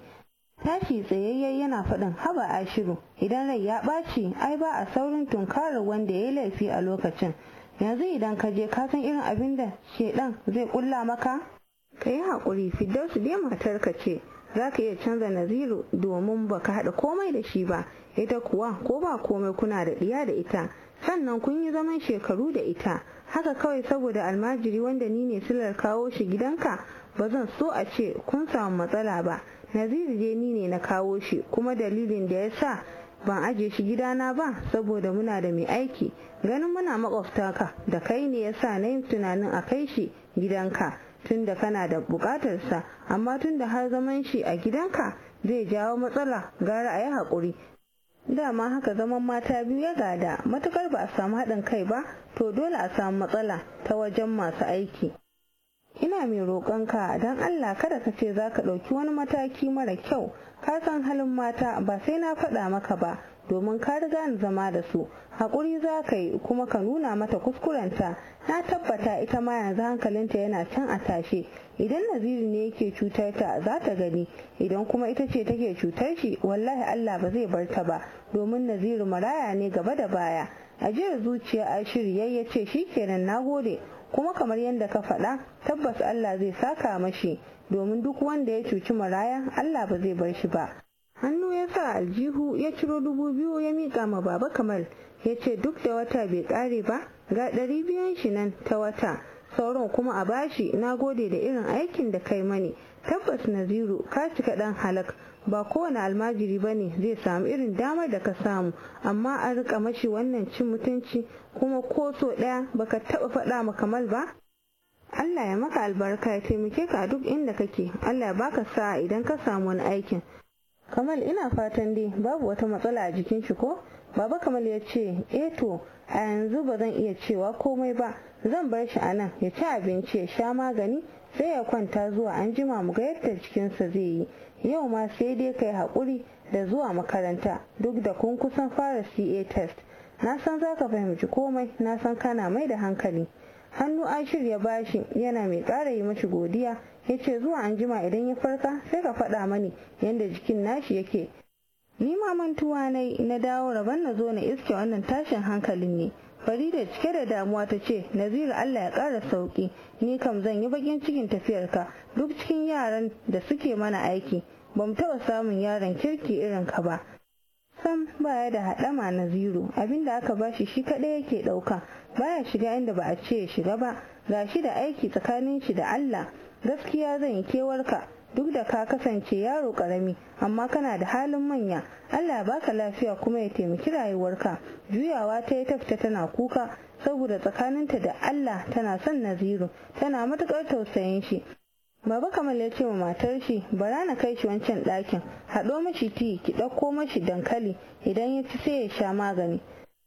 tashi tsayayye yana faɗin haba shiru idan rai ya ɓaci ai ba a saurin tunkarar wanda ya yi laifi a lokacin yanzu idan ka je ka san irin abin da shedan zai ƙulla maka ka yi haƙuri su dai matarka ce za ka iya canza naziru domin ba ka haɗa komai da shi ba ita kuwa ko ba komai kuna da ɗiya da ita sannan kun yi zaman shekaru da ita haka kawai saboda almajiri wanda ni ne silar kawo shi gidanka ba zan so a ce kun samu matsala ba naziru je ni ne na kawo shi kuma dalilin da ya sa ban aje shi gidana ba saboda muna da mai aiki ganin muna makwabta ka da kai ne ya sa na yin tunanin a kai shi gidanka tunda kana da bukatarsa amma tunda har zaman shi a gidanka zai jawo matsala gara a yi haƙuri dama haka zaman mata biyu ya gada matukar ba a samu haɗin kai ba to dole a samu matsala ta wajen masu aiki ina mai roƙonka don allah kada ka ce za ka ɗauki wani mataki mara kyau ka san halin mata ba sai na faɗa maka ba domin ka riga ni zama da su hakuri za ka yi kuma ka nuna mata kuskurenta na tabbata ita ma yanzu hankalinta yana can a tashe idan naziri ne yake cutar ta za ta gani idan kuma ita ce take cutar shi wallahi allah ba zai bar ta ba domin naziri maraya ne gaba da baya ajiyar zuciya a shirye ya ce shikenan na gode kuma kamar yadda ka faɗa tabbas allah zai saka mashi domin duk wanda ya cuci maraya allah ba zai bar shi ba hannu ya sa aljihu ya ciro dubu biyu ya miƙa ma baba kamal ya ce duk da wata bai ƙare ba ga ɗari biyan shi nan ta wata sauran kuma a bashi na gode da irin aikin da kai mani tabbas naziru ka cika ɗan halak ba kowane almajiri ba ne zai samu irin damar da ka samu amma an rika mashi wannan cin mutunci kuma ko so ɗaya baka taɓa faɗa ma kamal ba Allah ya maka albarka ya taimake ka a duk inda kake Allah ya baka sa'a idan ka samu wani aikin kamal ina fatan dai babu wata matsala a jikin shi ko baba kamal ya ce eh to a yanzu ba zan iya cewa komai ba zan bar shi a nan ya ci abinci ya sha magani sai ya kwanta zuwa an jima mu ga yadda cikinsa zai yi yau ma sai dai kai haƙuri da zuwa makaranta duk da kun kusan fara ca test na san za ka fahimci komai na san kana mai da hankali hannu an shirya bashi yana mai ƙara yi mashi godiya ya ce zuwa anjima idan ya farka sai ka faɗa mani yadda jikin nashi yake ni ma mantuwa na na dawo rabon na zo na iske wannan tashin hankalin ne farida cike da damuwa ta ce naziru allah ya ƙara sauƙi ni kam zan yi bakin cikin tafiyarka duk cikin yaran da suke mana aiki ba mu taɓa samun yaron kirki irin ka ba sam baya da haɗama naziru abinda aka bashi shi kaɗai yake ɗauka baya shiga inda ba a ce ya shiga ba gashi da aiki tsakanin shi da allah gaskiya zan yi kewarka duk da ka kasance yaro karami amma kana da halin manya allah ya baka lafiya kuma ya taimaki rayuwarka juyawa ta yi tafta tana kuka saboda tsakaninta da allah tana son naziru tana matuƙar tausayin shi Baba Kamal ya ce wa matar shi bara na kai shi wancan ɗakin haɗo mashi ti ki ɗauko mashi dankali idan ya ci sai ya sha magani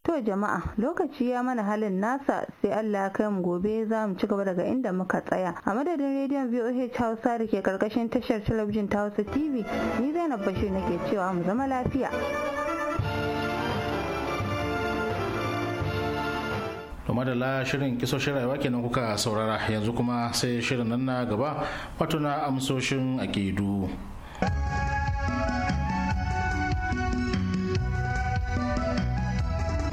To jama'a lokaci ya mana halin nasa sai Allah ya kai mu gobe za mu ci gaba daga inda muka tsaya. A madadin rediyon VOH Hausa da ke karkashin tashar talabijin ta Hausa TV ni Zainab Bashir nake cewa mu zama lafiya. to da shirin kisoshin rayuwa kenan kuka saurara yanzu kuma sai shirin nan na gaba wato na amsoshin akidu.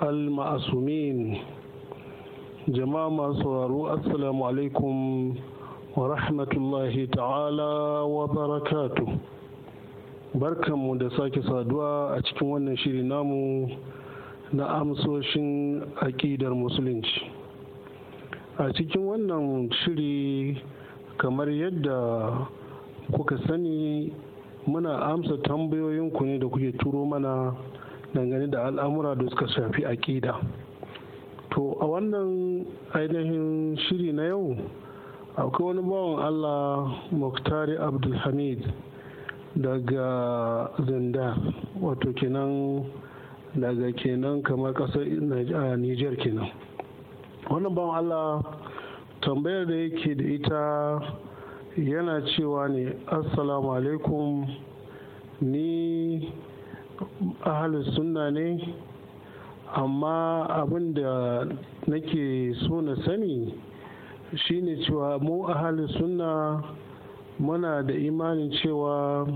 al-ma'asumin jama'a masu sauraro assalamu alaikum wa rahmatullahi ta'ala wa barakatu barkanmu da sake saduwa a cikin wannan shiri namu na amsoshin aƙidar musulunci a cikin wannan shiri kamar yadda kuka sani muna amsa tambayoyinku ne da kuke turo mana dangane da al'amura da suka shafi aƙida to a wannan ainihin shiri na yau akwai wani bawan allah muktari abdulhamid daga zindar wato kenan daga kenan kamar kasar niger kenan wannan bawan allah tambayar da yake da ita yana cewa ne assalamu alaikum ni ahalus sunna ne amma abin da nake so na sani shine cewa mu ahalus sunna muna da imanin cewa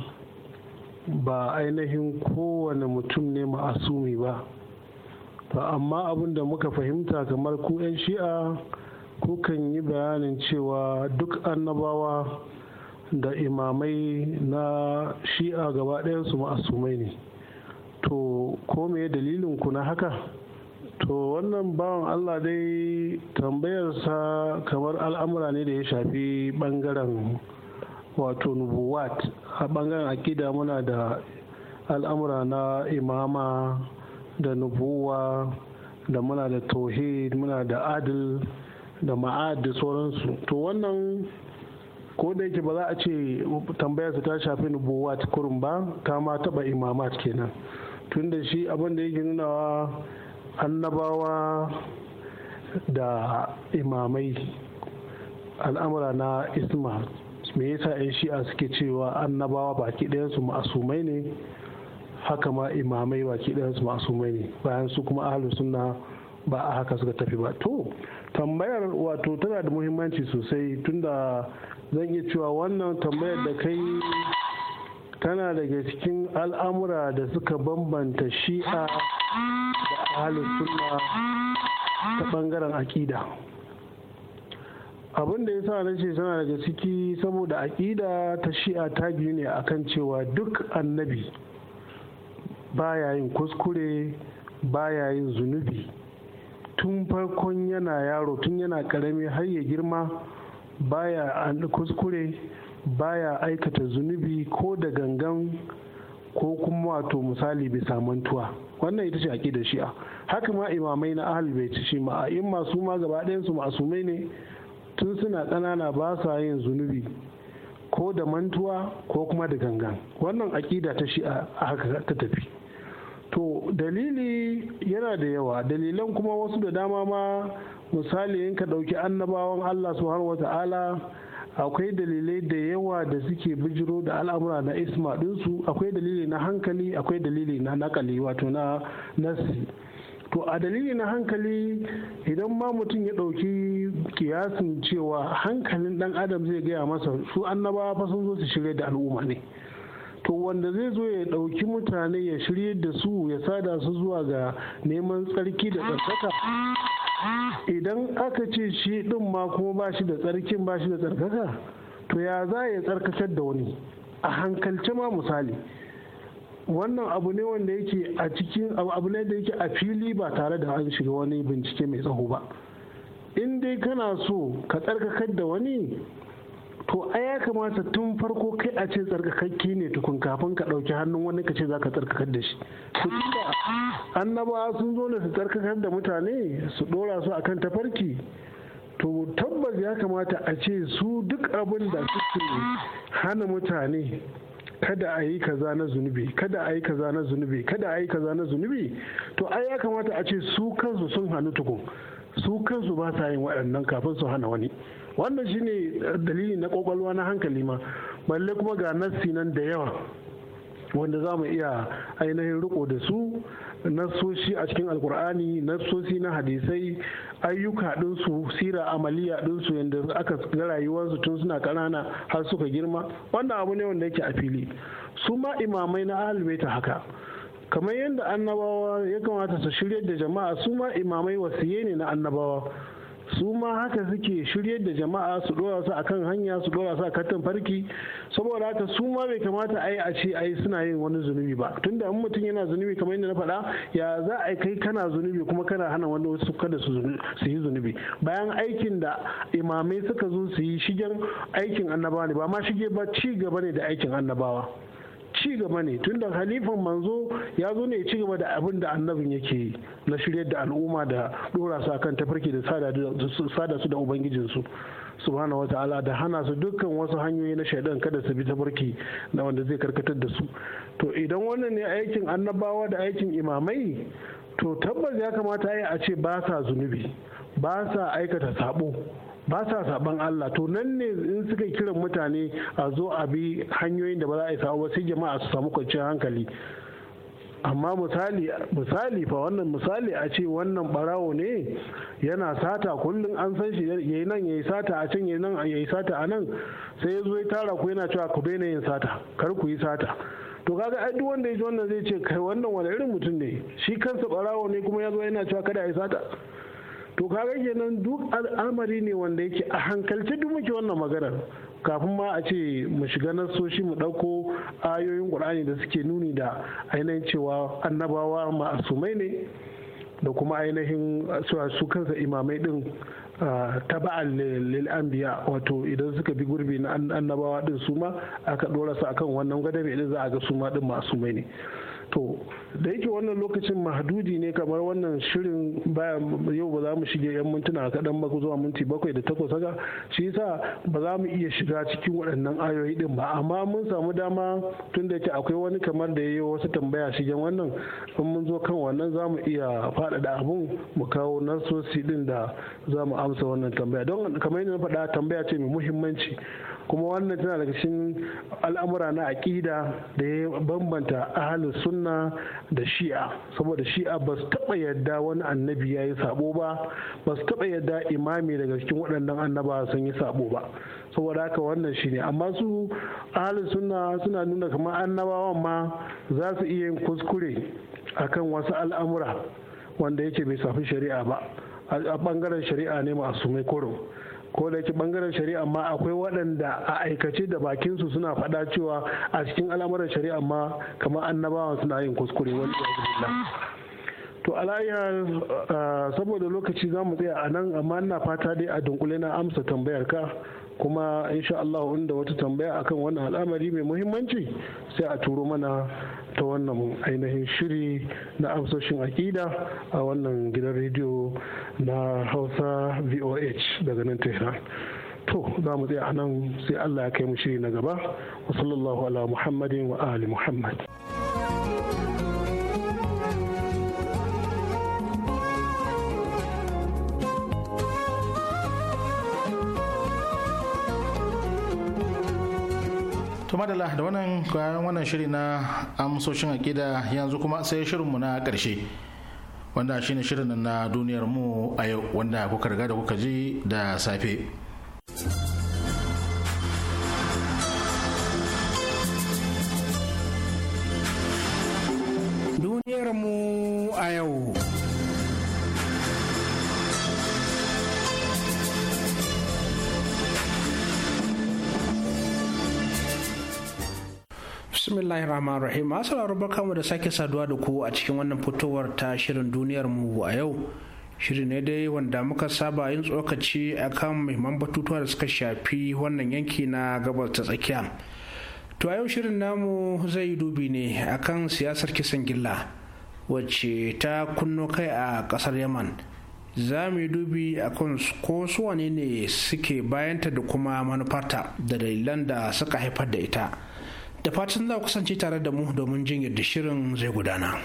ba ainihin kowane mutum ne ma'asumi ba ba amma abin da muka fahimta kamar ku 'yan shi'a kukan yi bayanin cewa duk annabawa da imamai na shi'a gaba ɗayansu ma'asumai ne to ko me dalilin ku na haka to wannan bawan allah dai tambayarsa kamar al'amura ne da ya shafi bangaren wato nubuwat a bangaren akida muna da al'amura na imama da nubuwa da muna da tauhid muna da adil da ma'ad da sauransu to wannan ko da yake ba za a ce tambayarsa ta shafi nubuwat kurum ba ta ma taba imamat kenan tunda shi abin da yake nunawa annabawa da imamai al'amura na isma me yasa 'yan shi'a suke cewa annabawa baki ɗayansu ma'asumai ne haka ma imamai baki ɗayansu ma'asumai ne bayan su kuma ahalu suna ba a haka suka tafi ba to tambayar wato tana da muhimmanci sosai tunda zan iya cewa wannan tambayar da kai tana daga cikin al'amura da suka bambanta shi'a da sunna ta bangaren akida abin da ya sa na ce tana daga ciki saboda akida ta shi'a ta biyu ne akan cewa duk annabi baya yin kuskure baya yin zunubi tun farkon yana yaro tun yana karami har ya girma baya kuskure baya aikata zunubi ko da gangan ko kuma wato misali bisa mantuwa wannan ita ce da shi'a haka ma imamai na ahal bai ci shi ma in masu ma gaba ɗayan su masumai ne tun suna ƙanana ba sa yin zunubi ko da mantuwa ko kuma da gangan wannan aƙida ta shi'a a haka ta tafi to dalili yana da yawa dalilan kuma wasu da dama ma misali in ka ɗauki annabawan allah subhanahu wata'ala akwai dalilai da yawa da suke bijiro da al'amura na isma ɗinsu akwai dalili na hankali akwai dalili na nakali wato na nasi to a dalili na hankali idan ma mutum ya ɗauki kiyasin cewa hankalin ɗan adam zai gaya masa su Annaba fa sun zo su shirya da al'umma ne to wanda zai zo ya ɗauki mutane ya shirya da su ya sada su zuwa ga neman tsarki da tsarkaka idan aka ce shi ɗin ma kuma ba shi da tsarkin ba shi da tsarkaka to ya za ya tsarkakar da wani a hankalce ma misali wannan abu ne wanda yake a cikin abu ne da yake a fili ba tare da an shiga wani bincike mai tsaho ba in dai kana so ka tsarkakar da wani to a ya kamata tun farko kai a ce tsarkakakke ne tukun kafin ka ɗauki hannun wani ka ce za ka tsarkakar da shi annabawa sun zo ne su tsarkakar da mutane su ɗora su akan tafarki to tabbas ya kamata a ce su duk abin da suke hana mutane kada a yi kaza na zunubi kada a yi kaza na zunubi kada a yi kaza na zunubi to ai ya kamata a ce su kansu sun hannu tukun su kansu ba sa yin waɗannan kafin su hana wani wannan shine dalili na kwakwalwa na hankali ma balle kuma ga nassi nan da yawa wanda za mu iya ainihin riko da su nassoshi a cikin alkur'ani nassoshi na hadisai ayyuka ɗinsu sira amaliya ɗinsu yadda aka ga rayuwarsu tun suna ƙanana har suka girma wannan abu ne wanda yake a fili su ma imamai na ta haka kamar yadda annabawa ya kamata su shirya da jama'a su ma imamai wasiye ne na annabawa su ma haka suke shiryar da jama'a su dora su akan hanya su dora su akan farki saboda haka su ma bai kamata ai a ce ai suna yin wani zunubi ba tunda in mutum yana zunubi kamar yadda na faɗa ya za a kai kana zunubi kuma kana hana wani wasu kada su yi zunubi bayan aikin da imamai suka zo su yi shigen aikin annabawa ne ba ma shige ba ci gaba ne da aikin annabawa ci gaba ne tunda halifan manzo ya zo ne ya ci gaba da abin da annabin yake na shiryar da al'umma da dora su akan tafarki da sada su da ubangijinsu subhanahu wa ta'ala da hana su dukkan wasu hanyoyi na shaidan kada su bi tafarki na wanda zai karkatar da su to idan wannan ne aikin annabawa da aikin imamai to tabbas ya kamata a ce ba sa zunubi ba sa aikata sabo ba sa saban Allah to nan ne in suka kiran mutane a zo a bi hanyoyin da ba za a yi samu ba sai jama'a su samu kwanciyar hankali amma misali misali fa wannan misali a ce wannan barawo ne yana sata kullum an san shi yayi nan yayi sata a can yayi nan yayi sata a nan sai ya zo ya tara ku yana cewa ku bene yin sata kar ku yi sata to kaga ai duk wanda ya ji wannan zai ce kai wannan wani irin mutum ne shi kansa barawo ne kuma ya zo yana cewa kada a yi sata to kaga kenan duk al'amari ne wanda yake a hankalce duk muke wannan maganar kafin ma a ce mu shiga na nasoshi mu ɗauko ayoyin ƙur'ani da suke nuni da ainihin cewa annabawa ma'asumai ne da kuma ainihin su kansa imamai din taba'an lil anbiya wato idan suka bi gurbi na annabawa din su ma aka dora su akan wannan gadabe idan za a ga su ma din masumai ne to da yake wannan lokacin mahdudi ne kamar wannan shirin baya yau ba za mu shige yan mintuna kaɗan ba zuwa minti bakwai da takwas haka shi yasa ba za mu iya shiga cikin waɗannan ayoyi din ba amma mun samu dama tun da yake akwai wani kamar da ya yi wasu tambaya shigen wannan in mun zo kan wannan za mu iya faɗaɗa abun mu kawo nasosi din da za mu amsa wannan tambaya don kamar yadda na faɗa tambaya ce mai muhimmanci kuma wannan tana daga cikin al'amura na aƙida da ya bambanta ahalin sunna da shi'a saboda shi'a ba su taɓa yadda wani annabi ya yi sabo ba ba su taɓa yadda imami daga cikin waɗannan annaba sun yi sabo ba saboda haka wannan shi ne, amma su ahalin sunna suna nuna kamar annabawan ma za su iya yin kuskure akan wasu al'amura wanda yake bai safi shari'a ba a bangaren shari'a ne masu mai koro ko da ke bangaren shari'a ma akwai waɗanda a aikace da bakin su suna faɗa cewa a cikin al'amuran shari'a ma kamar annabawan suna yin kuskure wani to alayya ah, saboda lokaci za mu tsaya a nan amma ina fata dai a dunkule na amsa tambayar ka kuma insha Allah inda wata tambaya akan wannan al'amari mai muhimmanci sai a turo mana ta wannan ainihin shiri na amsoshin aƙida a wannan gidan rediyo na hausa voh daga nan tehran to za mu tsaya nan sai Allah ya kai mu shiri na gaba wa ala muhammadin wa ali muhammad to da wannan kayan wannan shiri na amsoshin akida yanzu kuma sai shirinmu na karshe wanda shine shirin na duniyar mu a yau wanda kuka riga da kuka ji da safe duniyar mu a yau Bismillahirrahmanirrahim. rahmanir rahim assalamu barkamu da sake saduwa da ku a cikin wannan fitowar ta shirin duniyar mu a yau shiri ne dai wanda muka saba yin tsokaci kan muhimman batutuwa da suka shafi wannan yanki na gabar ta tsakiya to a yau shirin namu zai yi dubi ne a kan siyasar kisan gilla wacce ta kunno kai a kasar yaman za mu yi dubi a kan ko wane ne suke bayanta da kuma manufarta da dalilan da suka haifar da ita da fatan za ku kasance tare da mu domin jin yadda shirin zai gudana.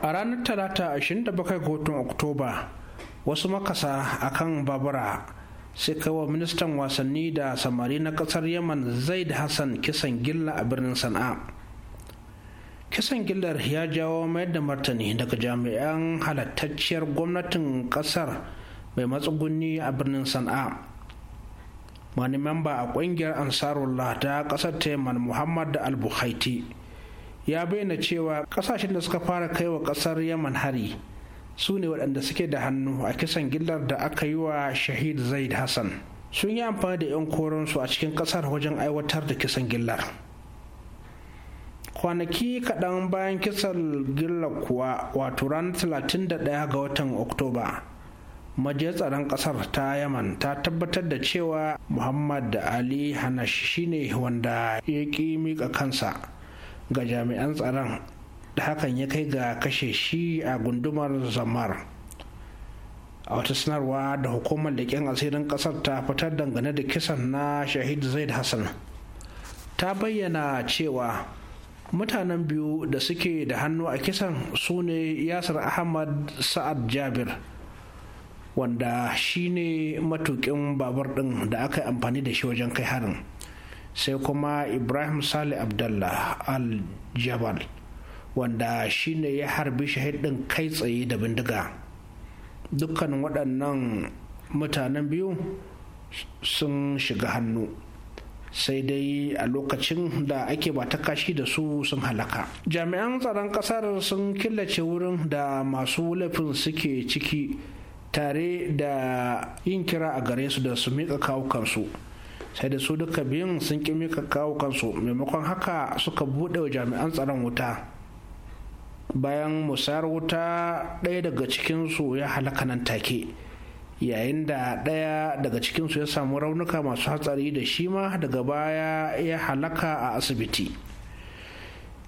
a ranar talata 27 ga watan oktoba wasu makasa a kan babura sai kawo ministan wasanni da samari na kasar yaman zaid hassan kisan gilla a birnin sana'a kisan gillar ya jawo mayar da martani daga jami'an halattacciyar gwamnatin kasar mai matsuguni a birnin sana'a wani memba a kungiyar ansarullah ta kasar taiman muhammad da albuhaiti ya bayyana cewa kasashen da suka fara kai wa kasar yaman hari su ne waɗanda suke da hannu a kisan gillar da aka yi wa shahid zaid hassan sun yi amfani da 'yan koransu a cikin kasar wajen aiwatar da kisan gillar. kwanaki kaɗan bayan kisan gilla kuwa wato ranar 31 ga watan oktoba majiyar tsaron ƙasar ta yaman ta tabbatar da cewa muhammad da ali hanash shine wanda ya ƙi miƙa kansa ga jami'an tsaron da hakan ya kai ga kashe shi a gundumar zamar a wata sanarwa da hukumar leƙen asirin ƙasar ta fitar dangane da kisan na shahid zaid hassan ta bayyana cewa mutanen biyu da suke da hannu a kisan su ne yasir ahmad sa'ad jabir wanda shi ne matukin babur ɗin da aka yi amfani da shi wajen kai harin sai kuma ibrahim sali abdallah al-jabal wanda shi ne ya harbi shahid kai tsaye da bindiga dukkan waɗannan mutanen biyu sun shiga hannu sai dai a lokacin da ake ba ta kashi da su sun halaka jami'an tsaron kasar sun killace wurin da masu laifin suke ciki tare da yin kira a gare su da su mika kawo kansu sai da su duka biyun sun ƙi mika kawo kansu maimakon haka suka buɗe wa jami'an tsaron wuta bayan musayar wuta ɗaya daga cikinsu ya halaka nan take yayin da ɗaya daga cikinsu ya samu raunuka masu hatsari da shi ma daga baya ya halaka a asibiti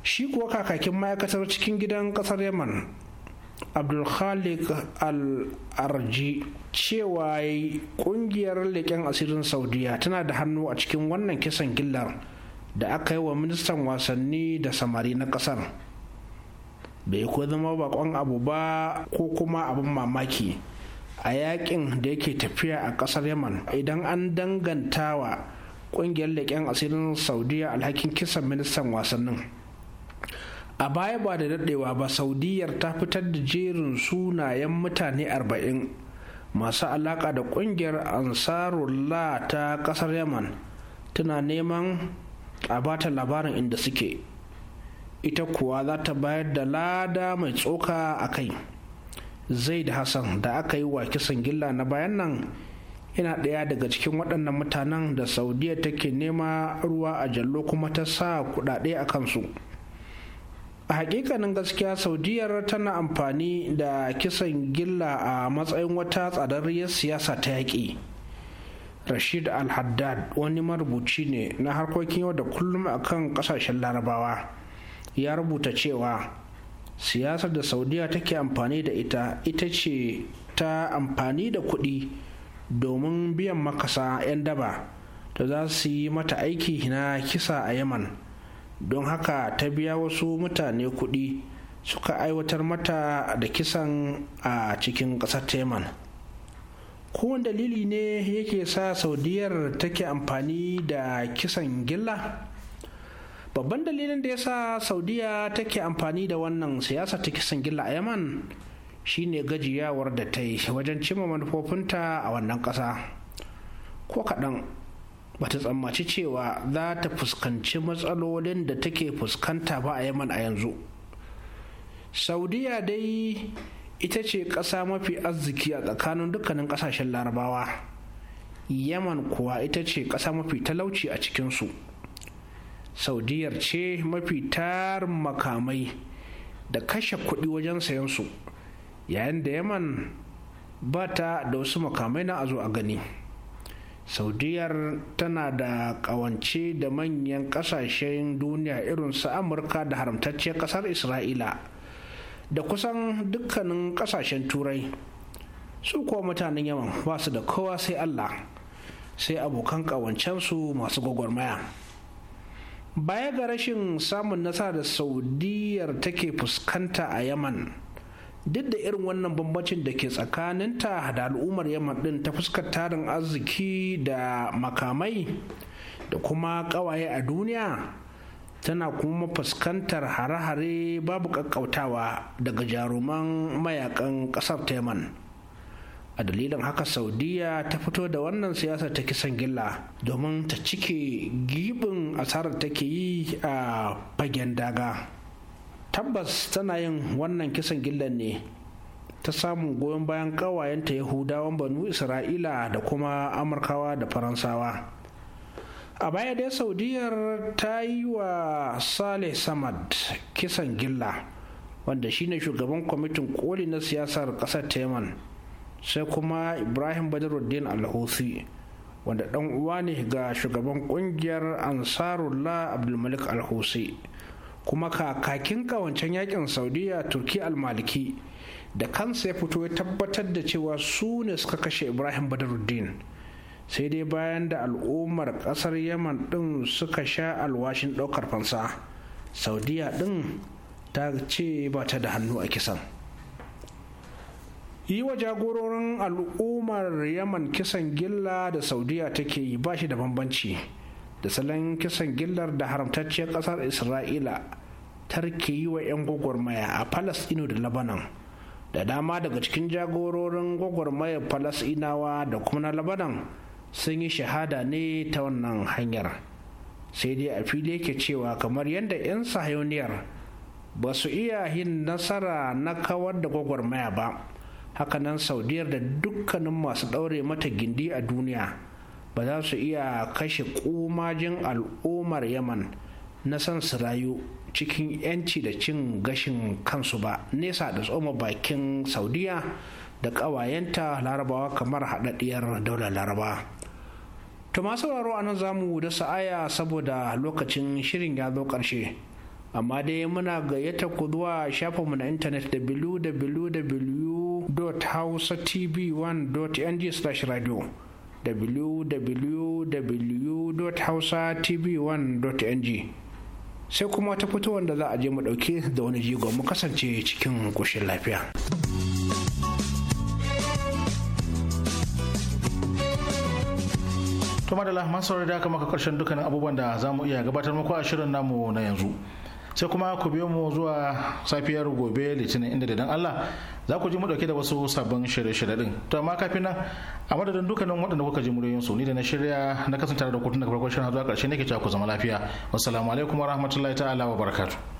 shi kuwa kakakin ma'aikatar cikin gidan ƙasar yaman abdulkhalik al-arji cewa ƙungiyar leƙen asirin saudiya tana da hannu a cikin wannan kisan gillar da aka yi wa ministan wasanni da samari na ƙasar bai ko zama bakon abu ba ko kuma abin mamaki a yakin da yake tafiya a kasar yaman idan an danganta wa kungiyar leƙen asirin saudiya alhakin kisan ministan wasannin a baya ba da daɗewa ba saudiyar ta fitar da jerin sunayen mutane 40 masu alaƙa da ƙungiyar ansarullah ta ƙasar yaman tana neman a bata labarin inda suke ita kuwa za ta bayar da lada mai tsoka a kai zaid hassan da aka yi wa kisan gilla na bayan nan Ina ɗaya daga cikin waɗannan mutanen da saudiya take nema ruwa a jallo kuma ta sa kuɗaɗe a kansu a hakikanin gaskiya saudiyar tana amfani da kisan gilla a matsayin wata tsadariyar siyasa ta yaƙi rashid al-haddad wani marubuci ne na harkokin yau da kullum akan ƙasashen larabawa ya rubuta cewa siyasar da saudiya take amfani da ita ita ce ta amfani da kuɗi domin biyan makasa 'yan daba da za su yi mata aiki na kisa a yaman don haka ta biya wasu mutane kuɗi suka aiwatar mata da kisan a cikin ƙasar yaman kowane dalili ne yake sa saudiyar take amfani da kisan gilla babban dalilin da ya sa saudiya take amfani da wannan siyasa ta kisan gilla a yaman shine gajiyawar da ta yi wajen cimma manufofinta a wannan ƙasa ko kaɗan ba ta tsammaci cewa za ta fuskanci matsalolin da take fuskanta ba a yaman a yanzu saudiya dai ita ce ƙasa mafi arziki a tsakanin dukkanin ƙasashen larabawa yaman kuwa ita ce ƙasa mafi talauci a cikinsu saudiyar ce mafi tar makamai da kashe kuɗi wajen sayan su yayin da yaman ba ta da wasu makamai na azu a gani saudiyar tana da ƙawance da manyan ƙasashen duniya irin su amurka da haramtacciyar ƙasar isra'ila da kusan dukkanin ƙasashen turai su kuwa mutanen yaman ba su da kowa sai allah sai abokan ƙawancensu masu gwagwarmaya. baya ga rashin samun nasara da saudiyar take fuskanta a yaman duk da irin wannan bambancin da ke tsakaninta da al'ummar yaman din ta fuskar tarin arziki da makamai da kuma kawaye a duniya tana kuma fuskantar hare-hare babu kakkautawa daga jaruman mayakan kasar ta yaman a dalilin haka saudiya ta fito da wannan siyasar ta kisan gilla domin ta cike gibin asarar take yi a fagen daga tabbas tana yin wannan kisan gillan ne ta samu goyon bayan ƙawayenta yahudawan banu isra'ila da kuma amurkawa da faransawa a baya dai saudiyar ta yi wa Sale samad kisan gilla wanda shine shugaban kwamitin koli na siyasar ƙasar teman sai kuma ibrahim al alhusi wanda dan uwa ne ga shugaban kungiyar ansarullah abdulmalik alhusi kuma kakakin kawancen yakin saudiya turki almaliki da kansa ya fito ya tabbatar da cewa su ne suka kashe ibrahim badiruddin sai dai bayan da al'ummar kasar yaman din suka sha alwashin daukar fansa saudiya din ta ce ba ta da hannu a kisan yi wa jagororin al'ummar yaman kisan gilla da saudiya take yi ba shi da bambanci da salon kisan gillar da haramtacciyar kasar isra'ila tarke yi wa 'yan gwagwarmaya a Falasɗinu da labanan da dama daga cikin jagororin gwagwarmayar Falasɗinawa da kuma na labanan sun yi shahada ne ta wannan hanyar sai dai a fili yake cewa kamar yadda 'yan sahayoniyar ba su iya yin nasara na kawar da gwagwarmaya ba hakanan saudiyar da dukkanin masu ɗaure mata gindi a duniya ba za su iya kashe ƙomajin al'ummar yaman na san su rayu cikin 'yanci da cin gashin kansu ba nesa da tsoma bakin saudiya da ƙawayenta larabawa kamar haɗaɗiyar daular laraba to masu sauraro a nan zamu da sa'aya saboda lokacin shirin ya zo ƙarshe amma dai muna gayyata ku zuwa shafinmu na intanet www.hausatv1.ng/radio www.hausatv1.ng sai kuma ta fito wanda za a je mu dauke da wani jigo mu kasance cikin koshin lafiya. to madalla masu da aka maka karshen dukkanin abubuwan da za mu iya gabatar muku a shirin namu na yanzu sai kuma ku biyo mu zuwa safiyar gobe litinin inda da dan Allah za ku ji mu dauke da wasu sabbin shirye-shirye din to amma kafin nan a madadin dukkanin waɗanda kuka ji muryoyin su ni da na shirya na kasance da ku tun daga farkon shirin zuwa ƙarshe nake cewa ku zama lafiya wassalamu alaikum warahmatullahi ta'ala wa barakatuh